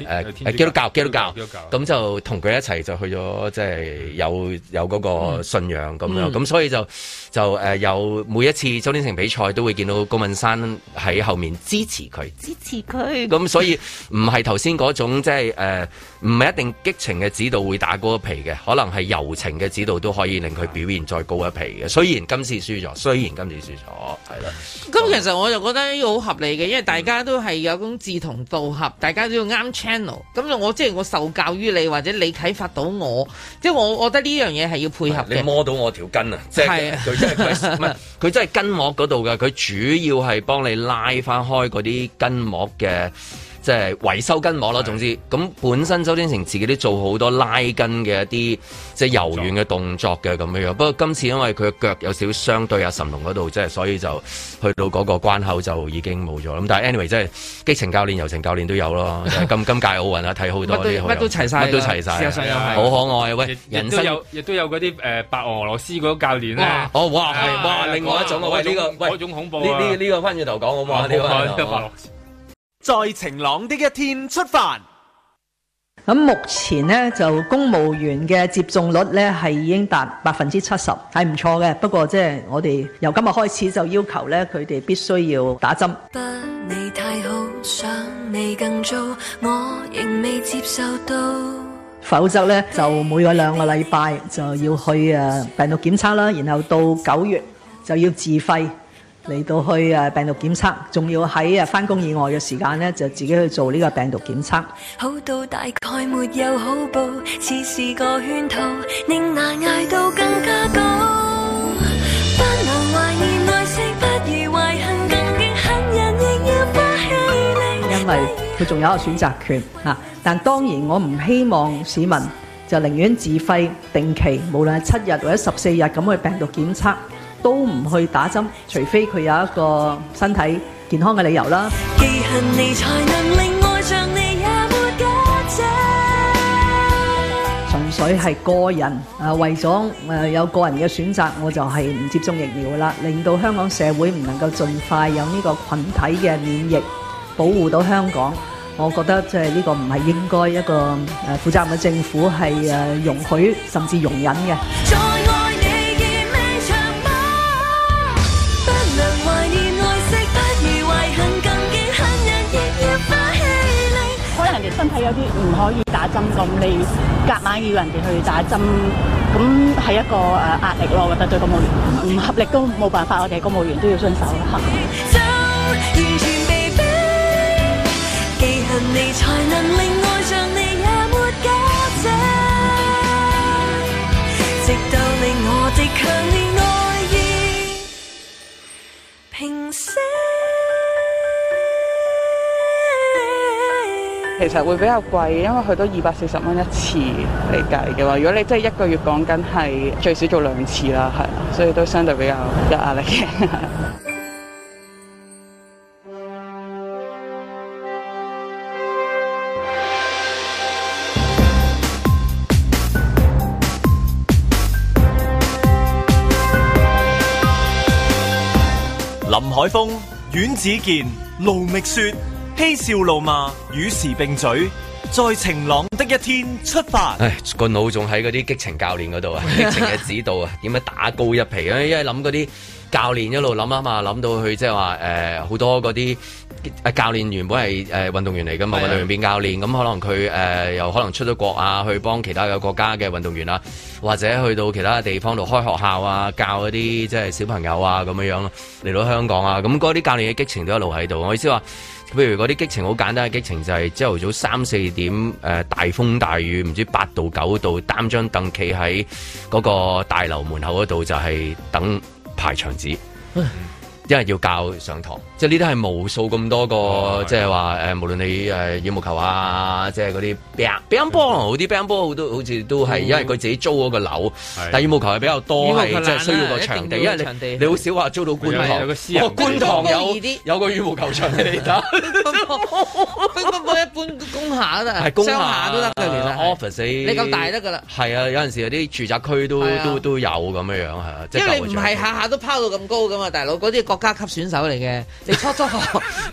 誒基督教，基督教，咁就同佢一齊就去咗，即、就、係、是、有有嗰個信仰咁、嗯、樣咁、嗯、所以就就誒、啊、有每一次周天成比賽都會見到高文山喺後面支持佢，支持佢，咁所以唔係頭先嗰種即係誒唔係一定激情嘅指導會打高一皮嘅，可能係柔情嘅指導都可以令佢表現再高一皮嘅。雖然今次輸咗，雖然今次輸咗，係啦。咁其實我就覺得好合，嚟嘅，因為大家都係有種志同道合，大家都要啱 channel，咁我即係我受教於你，或者你啟發到我，即係我我覺得呢樣嘢係要配合嘅。你摸到我條筋啊，即係佢、啊、真係佢唔係，佢 真係筋膜嗰度嘅，佢主要係幫你拉翻開嗰啲筋膜嘅。即係維修筋膜咯，總之咁本身周天成自己都做好多拉筋嘅一啲即係柔軟嘅動作嘅咁樣樣。不過今次因為佢嘅腳有少少相對阿神龍嗰度，即係所以就去到嗰個關口就已經冇咗。咁但係 anyway，即係激情教練、柔情教練都有咯。咁今屆奧運啊，睇好多啲，乜都齊晒，乜都齊晒、啊啊啊，好、啊、可愛。喂，人生有亦都有嗰啲誒白俄羅斯嗰個教練咧。哦、喔，哇，係、啊啊、哇、啊，另外一種啊。喂，呢個喂呢個翻轉頭講好唔好啊？在晴朗的一天出發。咁目前咧就公務員嘅接種率咧係已經達百分之七十，係唔錯嘅。不過即係我哋由今日開始就要求咧佢哋必須要打針。否則咧就每個兩個禮拜就要去誒、啊、病毒檢測啦，然後到九月就要自費。嚟到去病毒檢測，仲要喺啊翻工以外嘅時間咧，就自己去做呢個病毒檢測。因為佢仲有一個選擇權吓，但當然我唔希望市民就寧願自費定期，無論係七日或者十四日咁去病毒檢測，都唔去打針，除非佢有一個身體健康嘅理由啦。純粹係個人啊，為咗誒有個人嘅選擇，我就係唔接種疫苗啦，令到香港社會唔能夠盡快有呢個群體嘅免疫保護到香港。我覺得即係呢個唔係應該一個誒負責任嘅政府係誒容許甚至容忍嘅。有啲唔可以打針咁，你夾硬要人哋去打針，咁係一個誒壓力咯。我覺得對公務員唔合力都冇辦法，我哋公務員都要遵守啦。其實會比較貴，因為佢都二百四十蚊一次嚟計嘅話，如果你真係一個月講緊係最少做兩次啦，係，所以都相對比較有壓力嘅。 林海峰、阮子健、盧覓雪。嬉笑怒罵，與時並嘴。在晴朗的一天出發。唉，個腦仲喺嗰啲激情教練嗰度啊， 激情嘅指導啊，點樣打高一皮啊？因為諗嗰啲教練一路諗啊嘛，諗到佢即係話誒，好、呃、多嗰啲誒教練原本係誒運動員嚟噶嘛，運動員變教練咁、呃，可能佢誒又可能出咗國啊，去幫其他嘅國家嘅運動員啊，或者去到其他地方度開學校啊，教嗰啲即係小朋友啊，咁樣樣咯，嚟到香港啊，咁嗰啲教練嘅激情都一路喺度。我意思話。譬如嗰啲激情，好簡單嘅激情就係朝頭早三四點誒、呃、大風大雨，唔知八度九度，擔張凳企喺嗰個大樓門口嗰度，就係等排場子。因為要教上堂，即係呢啲係無數咁多個，即係話誒，無論你誒羽毛球啊，即係嗰啲棒棒球好，啲棒球都好似都係，因為佢自己租嗰個樓。但羽毛球係比較多，係即係需要個場地,一有場地，因為你是的你,你好少話租到觀塘。有個觀塘、哦、容易啲，有個羽毛球場你得。棒棒一般工下都得，工下,、呃、下都得。Office、呃呃、你咁大得㗎啦。係啊，有陣時有啲住宅區都都都有咁樣樣啊，即係你唔係下下都拋到咁高㗎嘛，大佬嗰啲國家級選手嚟嘅，你初初學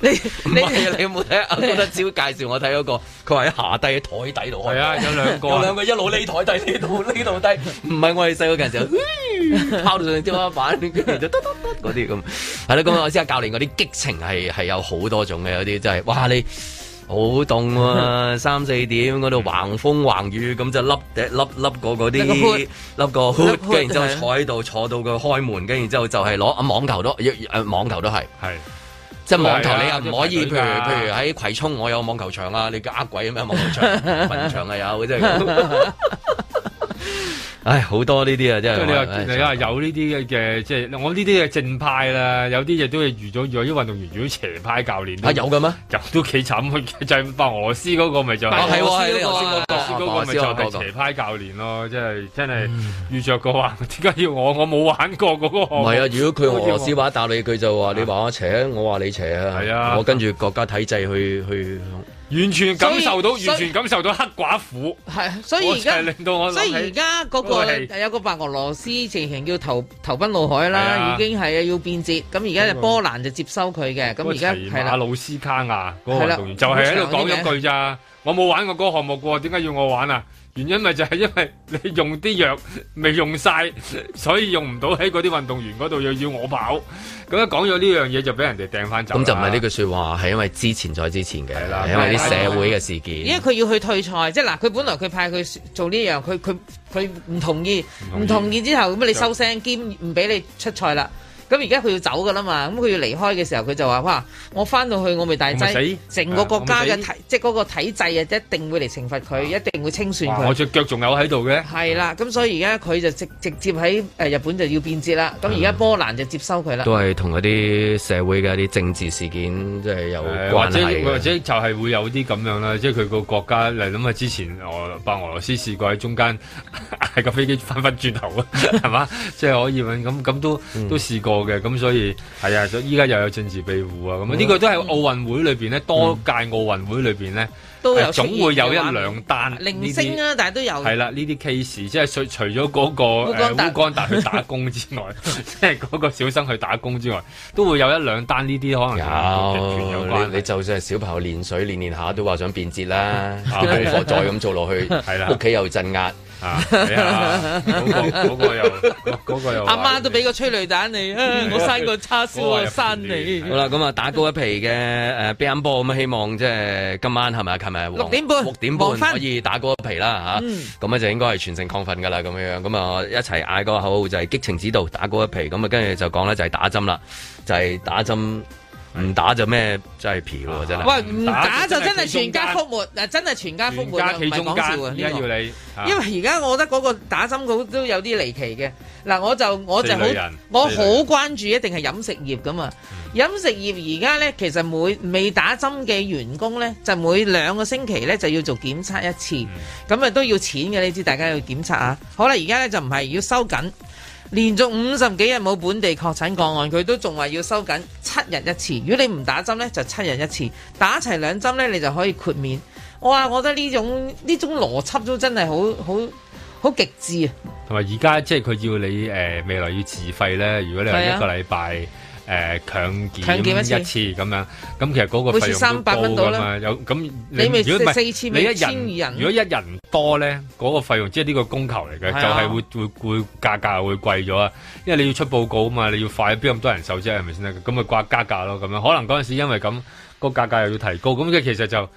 你你你有冇睇阿得只釗介紹我睇嗰個？佢話喺下低喺台底度，係啊，有兩個，兩個一路匿台底呢度匿到低。唔 係我哋細個嘅陣時候，拋 到上天花板，跟住就嗰啲咁。係咯，咁我先教練嗰啲激情係係有好多種嘅，有啲真係哇你。好凍喎，三四點嗰度橫風橫雨咁就笠笠笠過嗰啲笠過 hood，凹凹凹凹，跟住然之後坐喺度坐到佢開門，跟住然之後就係攞網球都，呃、網球都係，係即係網球你又唔可以，啊、譬如譬如喺葵涌我有網球場啊，你個呃鬼咩網球場， 民場啊有，即、就、係、是。 唉，好多呢啲啊，真係即係你話有呢啲嘅，即係我呢啲係正派啦。有啲嘢都遇咗，遇咗運動員遇咗邪派教練。啊，有㗎咩？有都幾慘。就係白俄羅斯嗰個咪就係白俄羅斯嗰個咪就係邪派教練咯。即係真係遇着過啊？點解要我？我冇玩過嗰個。唔係啊，如果佢用俄羅斯話一答你，佢就話你話我邪，我話你邪啊。係啊，我跟住國家體制去去。完全感受到，完全感受到黑寡婦。係，所以而家，令到我所以而家嗰個有個白俄羅斯直情叫投投奔怒海啦，已經係啊要變節。咁而家就波蘭就接收佢嘅，咁而家係啦。馬魯斯卡亞係啦，就係喺度講一句咋，我冇玩過嗰個項目過，點解要我玩啊？原因咪就係因為你用啲藥未用晒，所以用唔到喺嗰啲運動員嗰度又要我跑，咁一講咗呢樣嘢就俾人哋掟翻走。咁就唔係呢句說話，係因為之前再之前嘅，係啦，因為啲社會嘅事件。因為佢要去退賽，即係嗱，佢本來佢派佢做呢樣，佢佢佢唔同意，唔同意之後咁你收聲兼唔俾你出賽啦。咁而家佢要走噶啦嘛，咁佢要離開嘅時候，佢就話哇，我翻到去我咪大劑死。」成個國家嘅體，即係嗰個體制啊，一定會嚟懲罰佢，啊，一定會清算佢。我隻腳仲有喺度嘅。係啦，咁，嗯、所以而家佢就直直接喺誒日本就要變節啦。咁而家波蘭就接收佢啦。都係同嗰啲社會嘅一啲政治事件即，就是，係有關係嘅，呃。或者或者就係會有啲咁樣啦，即係佢個國家嚟諗啊。想之前我白俄羅斯試過喺中間係個飛機翻翻轉頭啊，係 嘛， 即係可以咁咁都，嗯、都試過。嘅，咁所以係啊，依家又有政治庇護啊，咁、哦、呢、這個都係奧運會裏邊咧、嗯，多屆奧運會裏邊咧、都、嗯、會總會有一兩單零星啊，但係都有係啦。呢啲、啊、case 即係除咗嗰、那個烏干達去打工之外， 即係嗰個小生去打工之外，都會有一兩單呢啲可能有關有你。你就算係小朋友練水練練下都想辨，都話想變節啦。如果再咁做落去，屋 企、啊、又鎮壓。 啊，啊那個那個、又，嗰、那個、又，阿媽都俾個催淚彈你，我生個叉燒啊，生 你。嗯、好啦，咁啊打高一皮嘅誒邊波咁啊，希望即係今晚係咪啊？係咪六點半，六點半可以打高一皮啦嚇。咁咧、啊、就應該係全城亢奮噶啦咁樣。咁啊一齊嗌個口號就係激情指導打高一皮。咁啊跟住就講咧就係打針啦，就係、是、打針。唔打就咩真係皮喎，真係。喂、啊，唔、啊、打就真係全家覆沒嗱，真係全家覆沒唔係講笑啊！依家要你，因為而家我覺得嗰個打針好都有啲離奇嘅嗱、啊，我就我就好我好關注一定係飲食業咁啊、嗯！飲食業而家咧其實每未打針嘅員工咧就每兩個星期咧就要做檢測一次，咁啊都要錢嘅，你知大家要檢測啊！好啦，而家咧就唔係要收緊。連續五十幾日冇本地確診個案，佢都仲話要收緊七日一次。如果你唔打針呢，就七日一次；打齊兩針呢，你就可以豁免。我話我覺得呢種呢種邏輯都真係好好好極致啊！同埋而家即係佢要你、呃、未來要自費呢，如果你係一個禮拜。誒、呃、強檢一次咁樣，咁其實嗰個費用三百蚊到啦嘛！有咁，你如果唔你一千人，人，如果一人多咧，嗰、那個費用即係呢個供求嚟嘅、啊，就係、是、會會會價格會貴咗啊！因為你要出報告啊嘛，你要快邊咁多人手啫，係咪先咁咪掛價格咯，咁樣可能嗰陣時因為咁、那個價格又要提高，咁即其實就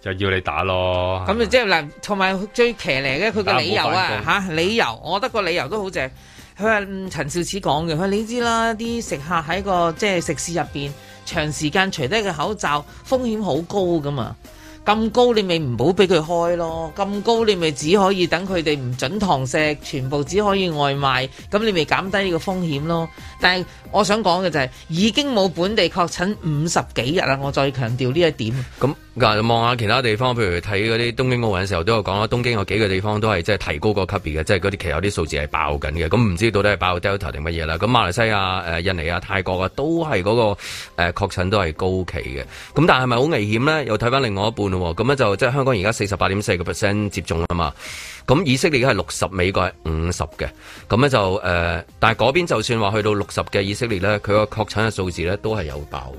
就要你打咯。咁、就是、啊，即係嗱，同埋最騎呢嚟嘅佢嘅理由啊嚇、啊！理由，我覺得個理由都好正。佢話、嗯、陳肇始講嘅，佢你知啦，啲食客喺個即係食肆入面長時間除低嘅口罩風險好高㗎嘛。咁高你咪唔好俾佢開咯，咁高你咪只可以等佢哋唔準堂食，全部只可以外賣，咁你咪減低呢個風險咯。但係我想講嘅就係、是、已經冇本地確診五十幾日啦，我再強調呢一點。望下其他地方，譬如睇嗰啲東京奧運嘅時候，都有講啦。東京有幾個地方都係即係提高個級別嘅，即係嗰啲其有啲數字係爆緊嘅。咁唔知到底係爆 Delta 定乜嘢啦？咁馬來西亞、誒、呃、印尼啊、泰國啊、那個，都係嗰個誒確診都係高企嘅。咁但係咪好危險呢？又睇翻另外一半咯。咁咧就即係香港而家四十八點四個 percent 接種啊嘛。咁以色列而家係六十，美國係五十嘅。咁咧就誒、呃，但係嗰邊就算話去到六十嘅以色列呢，佢個確診嘅數字呢都係有爆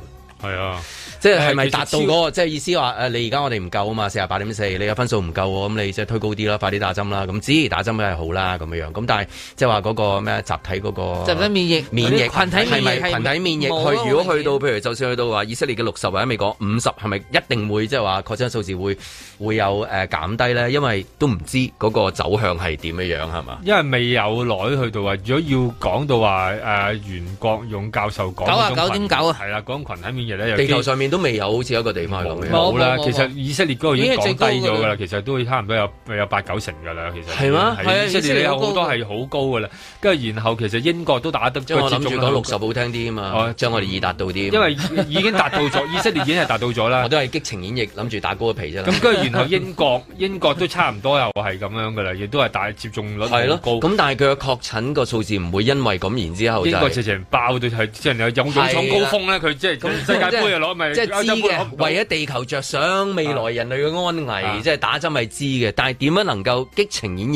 嘅。係啊。即係咪達到嗰、嗰個？是即係意思話誒，你而家我哋唔夠啊嘛，四十八點四，你嘅分數唔夠，咁你即係推高啲啦，快啲打針啦。咁自然打針梗係好啦，咁樣樣。咁但係即係話嗰個咩集體嗰個集體免疫，免疫羣體係咪羣體免疫，體免疫，體免疫，如果去到譬如，就算去到話以色列嘅六十或者美國五十，係咪一定會即係話確診數字會會有誒減低咧？因為都唔知嗰個走向係點樣樣係嘛？因為未有耐去到話，如果要講到話誒、呃、袁國勇教授講九啊九點九啊。係啦，講、嗰個、群體免疫咧，地球上面都都未有，好似一個地方係咁樣。冇啦，其實以色列嗰度已經降低咗㗎啦。其實都差唔多有有八九成㗎啦。其實係咩？係啊，以色列，以色列有好多係好高㗎啦。跟住然後其實英國都打得。即係我諗住講六十好聽啲啊嘛。將、哦、我哋已達到啲。因為已經達到咗， 以色列已經係達到咗啦。 我都係激情演繹，諗住打高個皮啫。咁跟住然後英國，英國都差唔多又係咁樣㗎啦，亦都係大接種率係咯。高咁、啊、但係佢嘅確診個數字唔會因為咁，然之後、就是、英國直情爆到係即係又創高峯咧。佢即係世界盃攞咪？知嘅，為咗地球着想，未來人類嘅安危，即、啊、係打針係知嘅。但係點樣能夠激情演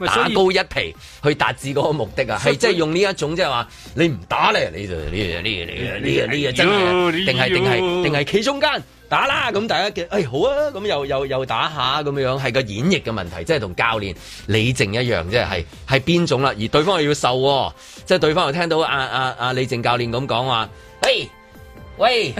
繹，打高一皮去達至嗰個目的啊？係即係用呢一種即係話，你唔打咧，你就呢嘢呢嘢呢嘢呢嘢呢嘢真係，定係定係定係企中間打啦。咁大家嘅、哎，好啊，咁又又又打下咁樣樣，係個演繹嘅問題，即係同教練李靜一樣，即係係係邊種啦？而對方又要受、哦，即、就、係、是、對方又聽到阿阿阿李靜教練咁講話，哎。喂，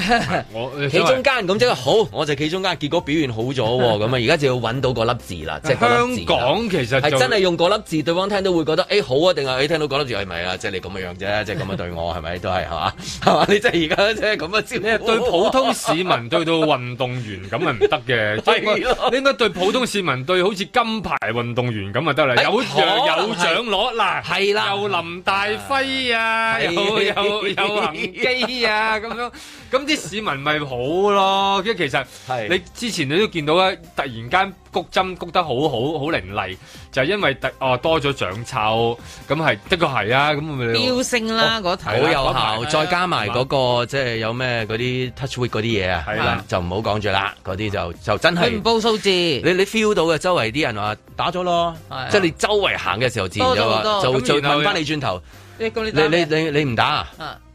我 企中間咁即係好，我就企中間。結果表好 現好咗喎，咁啊，而家就要揾到嗰粒字啦，即係香港其實係真係用嗰粒字，對方聽到會覺得，哎、欸、好啊，定係你聽到嗰粒字係咪啊？即係、就是、你咁嘅樣啫，即係咁嘅對我係咪 都係係嘛，你真係而家真係咁嘅招咩？ 對普通市民對到運動員咁咪唔得嘅，係 咯，你應該對普通市民對好似金牌運動員咁啊得啦，有獎有獎攞嗱，係啦，又林大輝啊，有 有有基啊咁樣。 咁啲市民咪好咯，即 係其實你之前你都見到咧，突然間谷針谷得好好好凌厲，就係因為哦多咗獎酬，咁係的確係啊，咁咪飆升啦嗰頭，好、哦啊、有效，再加埋嗰、那個即係有咩嗰啲 touch with 嗰啲嘢啊，係、就、啦、是啊，就唔好講住啦，嗰啲就就真係唔報數字，你你 feel 到嘅周圍啲人話打咗咯，即係、啊就是、你周圍行嘅時候自然，就然就問翻你轉頭，欸、你你你你唔打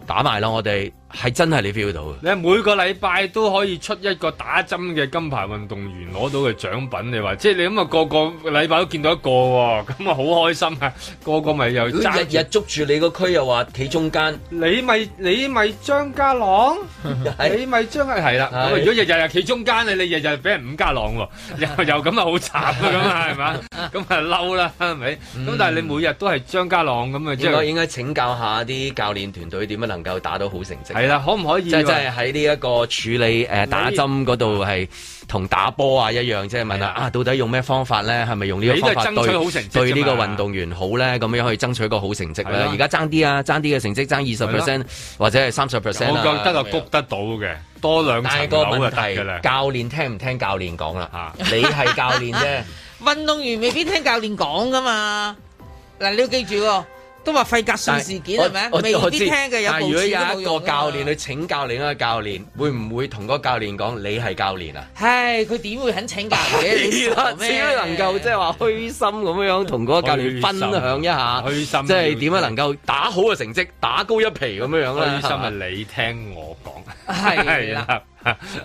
打埋咯，啊、我哋。係真係你 feel 到嘅，你每個禮拜都可以出一個打針嘅金牌運動員攞到嘅獎品，你話即係你咁啊個個禮拜都見到一個喎、哦，咁啊好開心啊，個個咪又日日捉住你個區又話企中間，你咪你咪張家朗， 你咪張家係啦，咁如果日日日企中間你日日俾人五家朗，又又咁啊好慘咁啊係咪？咁啊嬲啦係咪？咁但係你每日都係張家朗咁啊，應我應該請教一下啲教練團隊點樣能夠打到好成績。係啦，可唔可以？即係喺呢一個處理誒、呃、打針嗰度，係同打波啊一樣，即係問下：「啊到底用咩方法咧？係咪用呢個方法對爭取好成績對呢個運動員好咧？咁樣可以爭取一個好成績咧？而家爭啲啊，爭啲嘅成績，爭二十 percent 或者係三十 percent，我覺得啊，的谷得到嘅，多兩層樓得噶啦。教練聽唔聽教練講啦？吓， 你係教練啫，運動員未必聽教練講噶嘛。嗱，你要記住，哦。都話費格遜事件，係咪未必聽嘅？有冇錢都冇用。如果有一個教練去請教另一個教練，會唔會同嗰個教練講你係教練啊？係佢點會肯請教你？只要能夠即係話虛心咁樣樣同嗰個教練分享一下，虛心即係點樣能夠打好個成績，打高一皮咁樣樣啦。虛心啊，你聽我講，係啦。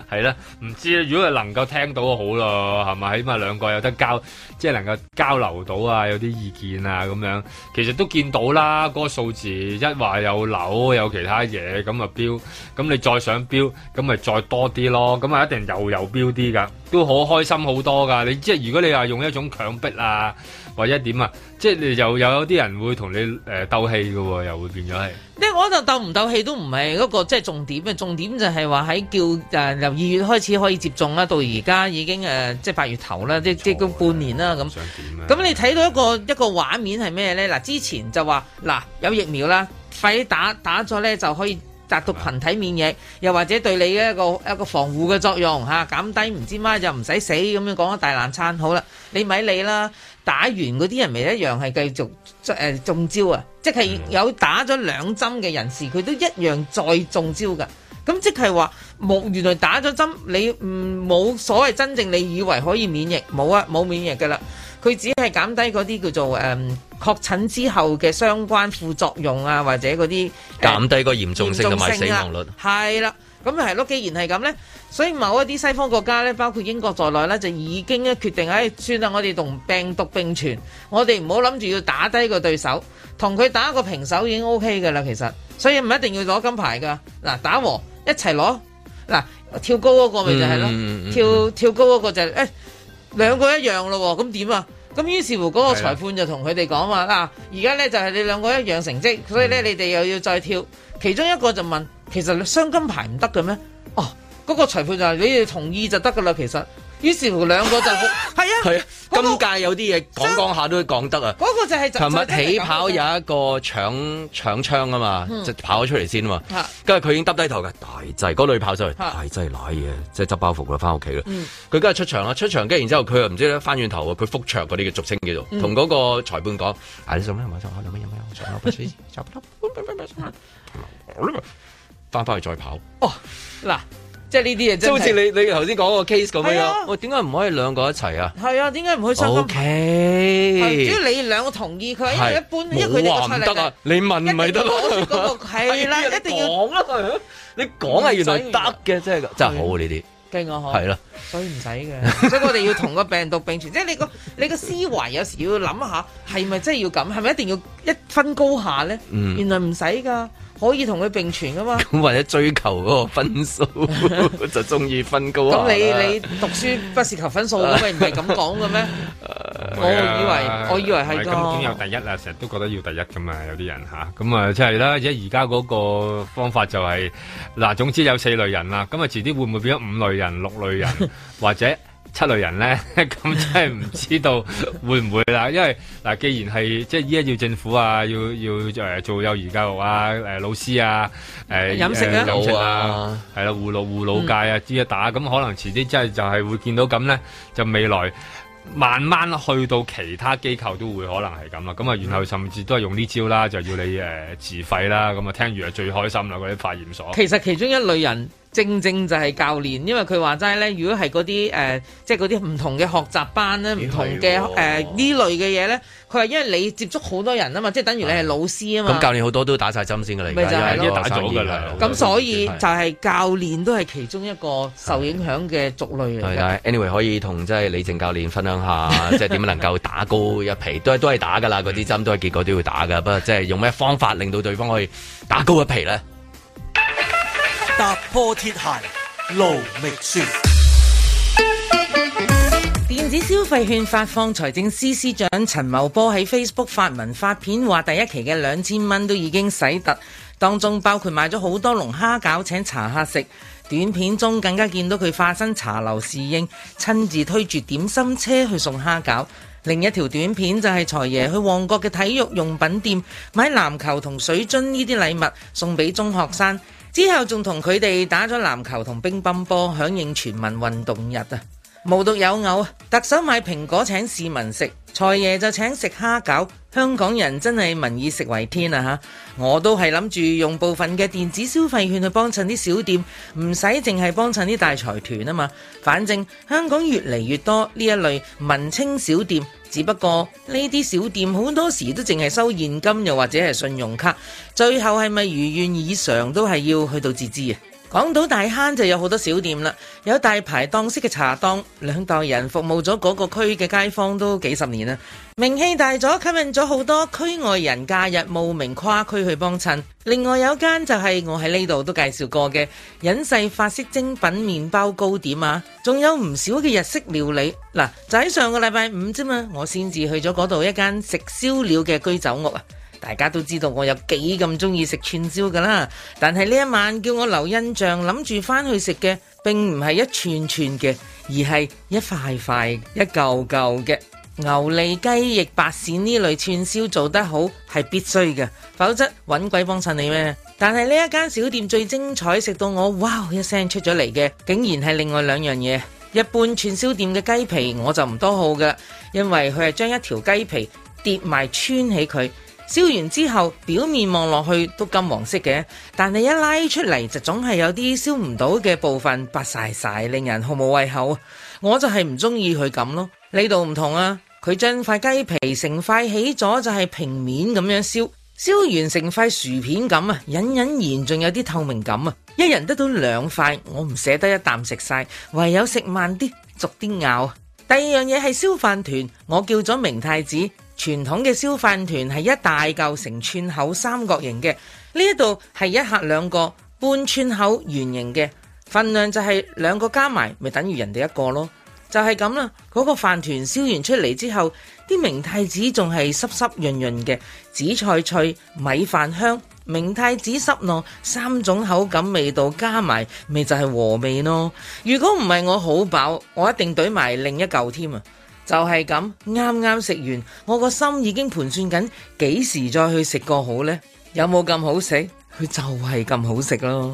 係啦，唔知啊。如果係能夠聽到啊，好咯，係咪？起碼兩個有得交，即係能夠交流到啊，有啲意見啊咁樣。其實都見到啦，嗰個數字一話有樓有其他嘢咁啊標，咁你再想標，咁咪再多啲咯。咁啊，一定又有標啲噶，都好開心好多噶。你即係如果你話用一種強迫啊。或者點啊？即係又有有啲人會同你誒、呃、鬥氣嘅喎、哦，又會變咗係。即我就鬥唔鬥氣都唔係嗰個，即、就、係、是、重點嘅重點就係話喺叫誒、呃、由二月開始可以接種啦，到而家已經誒即係八月頭啦，即即、啊、即半年啦咁。咁、啊、你睇到一個一個畫面係咩呢？嗱，之前就話嗱有疫苗啦，快啲打打咗呢就可以達到群體免疫，又或者對你嘅一個一個防護嘅作用嚇減低唔知乜就唔使死咁樣講一大難餐好啦，你咪你啦。打完嗰啲人咪一樣係繼續誒、呃、中招啊！即係有打咗兩針嘅人士，佢都一樣再中招噶。咁即係話冇原來打咗針，你唔冇、嗯、所謂真正你以為可以免疫冇啊，冇免疫噶啦。佢只係減低嗰啲叫做誒、嗯、確診之後嘅相關副作用啊，或者嗰啲、呃、減低個嚴重性同埋死亡率，係啦、啊。咁又係咯，既然係咁呢，所以某一啲西方國家呢，包括英國在內呢，就已經咧決定，喺、哎、算啦，我哋同病毒並存，我哋唔好諗住要打低個對手，同佢打一個平手已經 O K 㗎啦，其實，所以唔一定要攞金牌㗎，嗱，打和一齊攞，嗱，跳高嗰個咪就係、是、咯、嗯，跳、嗯、跳高嗰個就係，唉、哎，兩個一樣咯喎，咁點啊？咁於是乎嗰個裁判就同佢哋講話，嗱，而家呢就係你兩個一樣成績，所以呢，你哋又要再跳，其中一個就問，其實雙金牌唔得嘅咩？哦，嗰個裁判就話你哋同意就得㗎啦，其實。於是乎兩個就係啊，係啊，今屆有啲嘢講講下都會講得啊。嗰個就係琴日起跑有一個搶搶槍啊嘛，嘛，就跑咗出嚟先啊嘛。跟住佢已經耷低頭嘅，大掣嗰女跑咗去，大劑奶嘢，即係執包袱啦，翻屋企啦。佢今日出場啦，出場跟住然之後佢又唔知咧，翻轉頭啊，佢覆場嗰啲嘅俗稱叫做，同嗰個裁判講，啊你做咩？唔係做咩？有咩有咩有？走不甩，走不甩，翻翻去再跑、哎。哦，嗱。即係呢啲嘢，即係好似你你頭先講個 case 咁樣。喂、啊，點解唔可以兩個一齊啊？係啊，點解唔可以雙方？O K，主要你兩個同意佢，因為一般，因為佢哋唔得啊。你問咪得咯？一講係啦，啦，一定要講啦、啊。你講啊，原來得嘅，真係真係好喎呢啲。勁啊！係啦、啊啊，所以唔使嘅，所以， 所以我哋要同，個病, 要同個病毒並存。即係你個你個思維有時候要諗下，係咪真係要咁？係咪一定要一分高下咧、嗯？原來唔使㗎。可以同佢並存噶嘛？咁或者追求嗰個分數， 就中意分高。咁 你你讀書不是求分數咁，咪唔係咁講嘅咩？我以為我以為係咁。咁、啊、有第一啊？成日都覺得要第一噶嘛？有啲人吓，咁啊即係啦。而而家嗰個方法就係、是、嗱，總之有四類人啦。咁啊，遲啲會唔會變咗五類人、六類人 或者？七類人咧，咁 真係唔知道會唔會啦。因為嗱，既然係即係依家要政府啊，要要、呃、做幼兒教育啊，呃、老師啊、呃，飲食啊，路、呃、啊，係、嗯、啦、啊，護老護老界啊，資質打咁，嗯嗯、可能遲啲真係就係會見到咁咧。就未來慢慢去到其他機構都會可能係咁啦。咁啊，然後甚至都係用呢招啦，就係、要你、呃、自費啦。咁啊，聽完啊最開心啦，嗰啲化驗所。其實其中一類人。正正就係教練，因為佢話齋咧，如果係嗰啲誒，即係嗰啲唔同嘅學習班咧，唔同嘅誒呢類嘅嘢咧，佢話因為你接觸好多人啊嘛，即係等於你係老師啊嘛。咁、嗯、教練好多都打晒針先㗎啦，咪就係、是、咯，已經打咗㗎啦。咁所以就係教練都係其中一個受影響嘅族類嚟嘅。Anyway，可以同即係李靜教練分享下， 即係點樣能夠打高一皮？都係都係打㗎啦，嗰啲針都係結果都要打㗎。不過即係用咩方法令到對方可以打高一皮咧？踏破鐵鞋路未絕。電子消費券發放，財政司司長陳茂波喺 Facebook 發文發片，話第一期嘅兩千蚊都已經洗突，當中包括買咗好多籠蝦餃請茶客食。短片中更加見到佢化身茶樓侍應，親自推住點心車去送蝦餃。另一條短片就係財爺去旺角嘅體育用品店買籃球同水樽呢啲禮物送俾中學生。之後仲同佢哋打咗籃球同乒乓波，響應全民運動日啊！無獨有偶，特首買蘋果請市民食，財爺就請食蝦餃，香港人真係民以食為天啊！吓，我都係諗住用部分嘅電子消費券去幫襯啲小店，唔使淨係幫襯啲大財團啊嘛。反正香港越嚟越多呢一類文青小店。只不過呢啲小店好多時都淨係收現金，又或者係信用卡，最後係咪如願以償都係要去到自知啊？港島大坑就有好多小店啦，有大排檔式嘅茶檔，兩代人服務咗嗰個區嘅街坊都幾十年啦。名氣大咗，吸引咗好多區外人假日慕名跨區去幫襯。另外有間就係我喺呢度都介紹過嘅隱世法式精品麵包糕點啊，仲有唔少嘅日式料理。嗱、啊，就喺上個禮拜五啫嘛，我先至去咗嗰度一間食燒鳥嘅居酒屋啊。大家都知道我有幾咁中意食串燒噶啦，但係呢一晚叫我留印象，諗住翻去食嘅，並唔係一串串嘅，而係一塊塊、一嚿嚿嘅牛脷、雞翼、白鱔。呢類串燒做得好係必須嘅，否則揾鬼幫襯你咩？但係呢一間小店最精彩，食到我哇一聲出咗嚟嘅，竟然係另外兩樣嘢。一般串燒店嘅雞皮我就唔多好㗎，因為佢係將一條雞皮疊埋穿起佢。燒完之後，表面望落去都金黃色嘅，但係一拉出嚟就總係有啲燒唔到嘅部分白晒晒，令人毫無胃口啊。我就係唔中意佢咁咯。呢度唔同啊，佢將塊雞皮成塊起咗，就係平面咁樣燒，燒完成塊薯片咁啊，隱隱然仲有啲透明感啊。一人得到兩塊，我唔捨得一啖食晒，唯有食慢啲，逐啲咬。第二樣嘢係燒飯團，我叫咗明太子。傳統嘅燒飯團係一大嚿成串口三角形嘅，呢一度係一客兩個半串口圓形嘅，份量就係兩個加埋咪等於人哋一個咯，就係咁啦。嗰個飯團燒完出嚟之後，啲明太子仲係濕濕潤潤嘅，紫菜脆，米飯香，明太子濕糯，三種口感味道加埋，咪就係和味咯。如果唔係我好飽，我一定懟埋另一嚿添啊！就係咁，啱啱食完，我個心已經盤算緊幾時再去食個好呢？有冇咁好食？佢就係咁好食咯。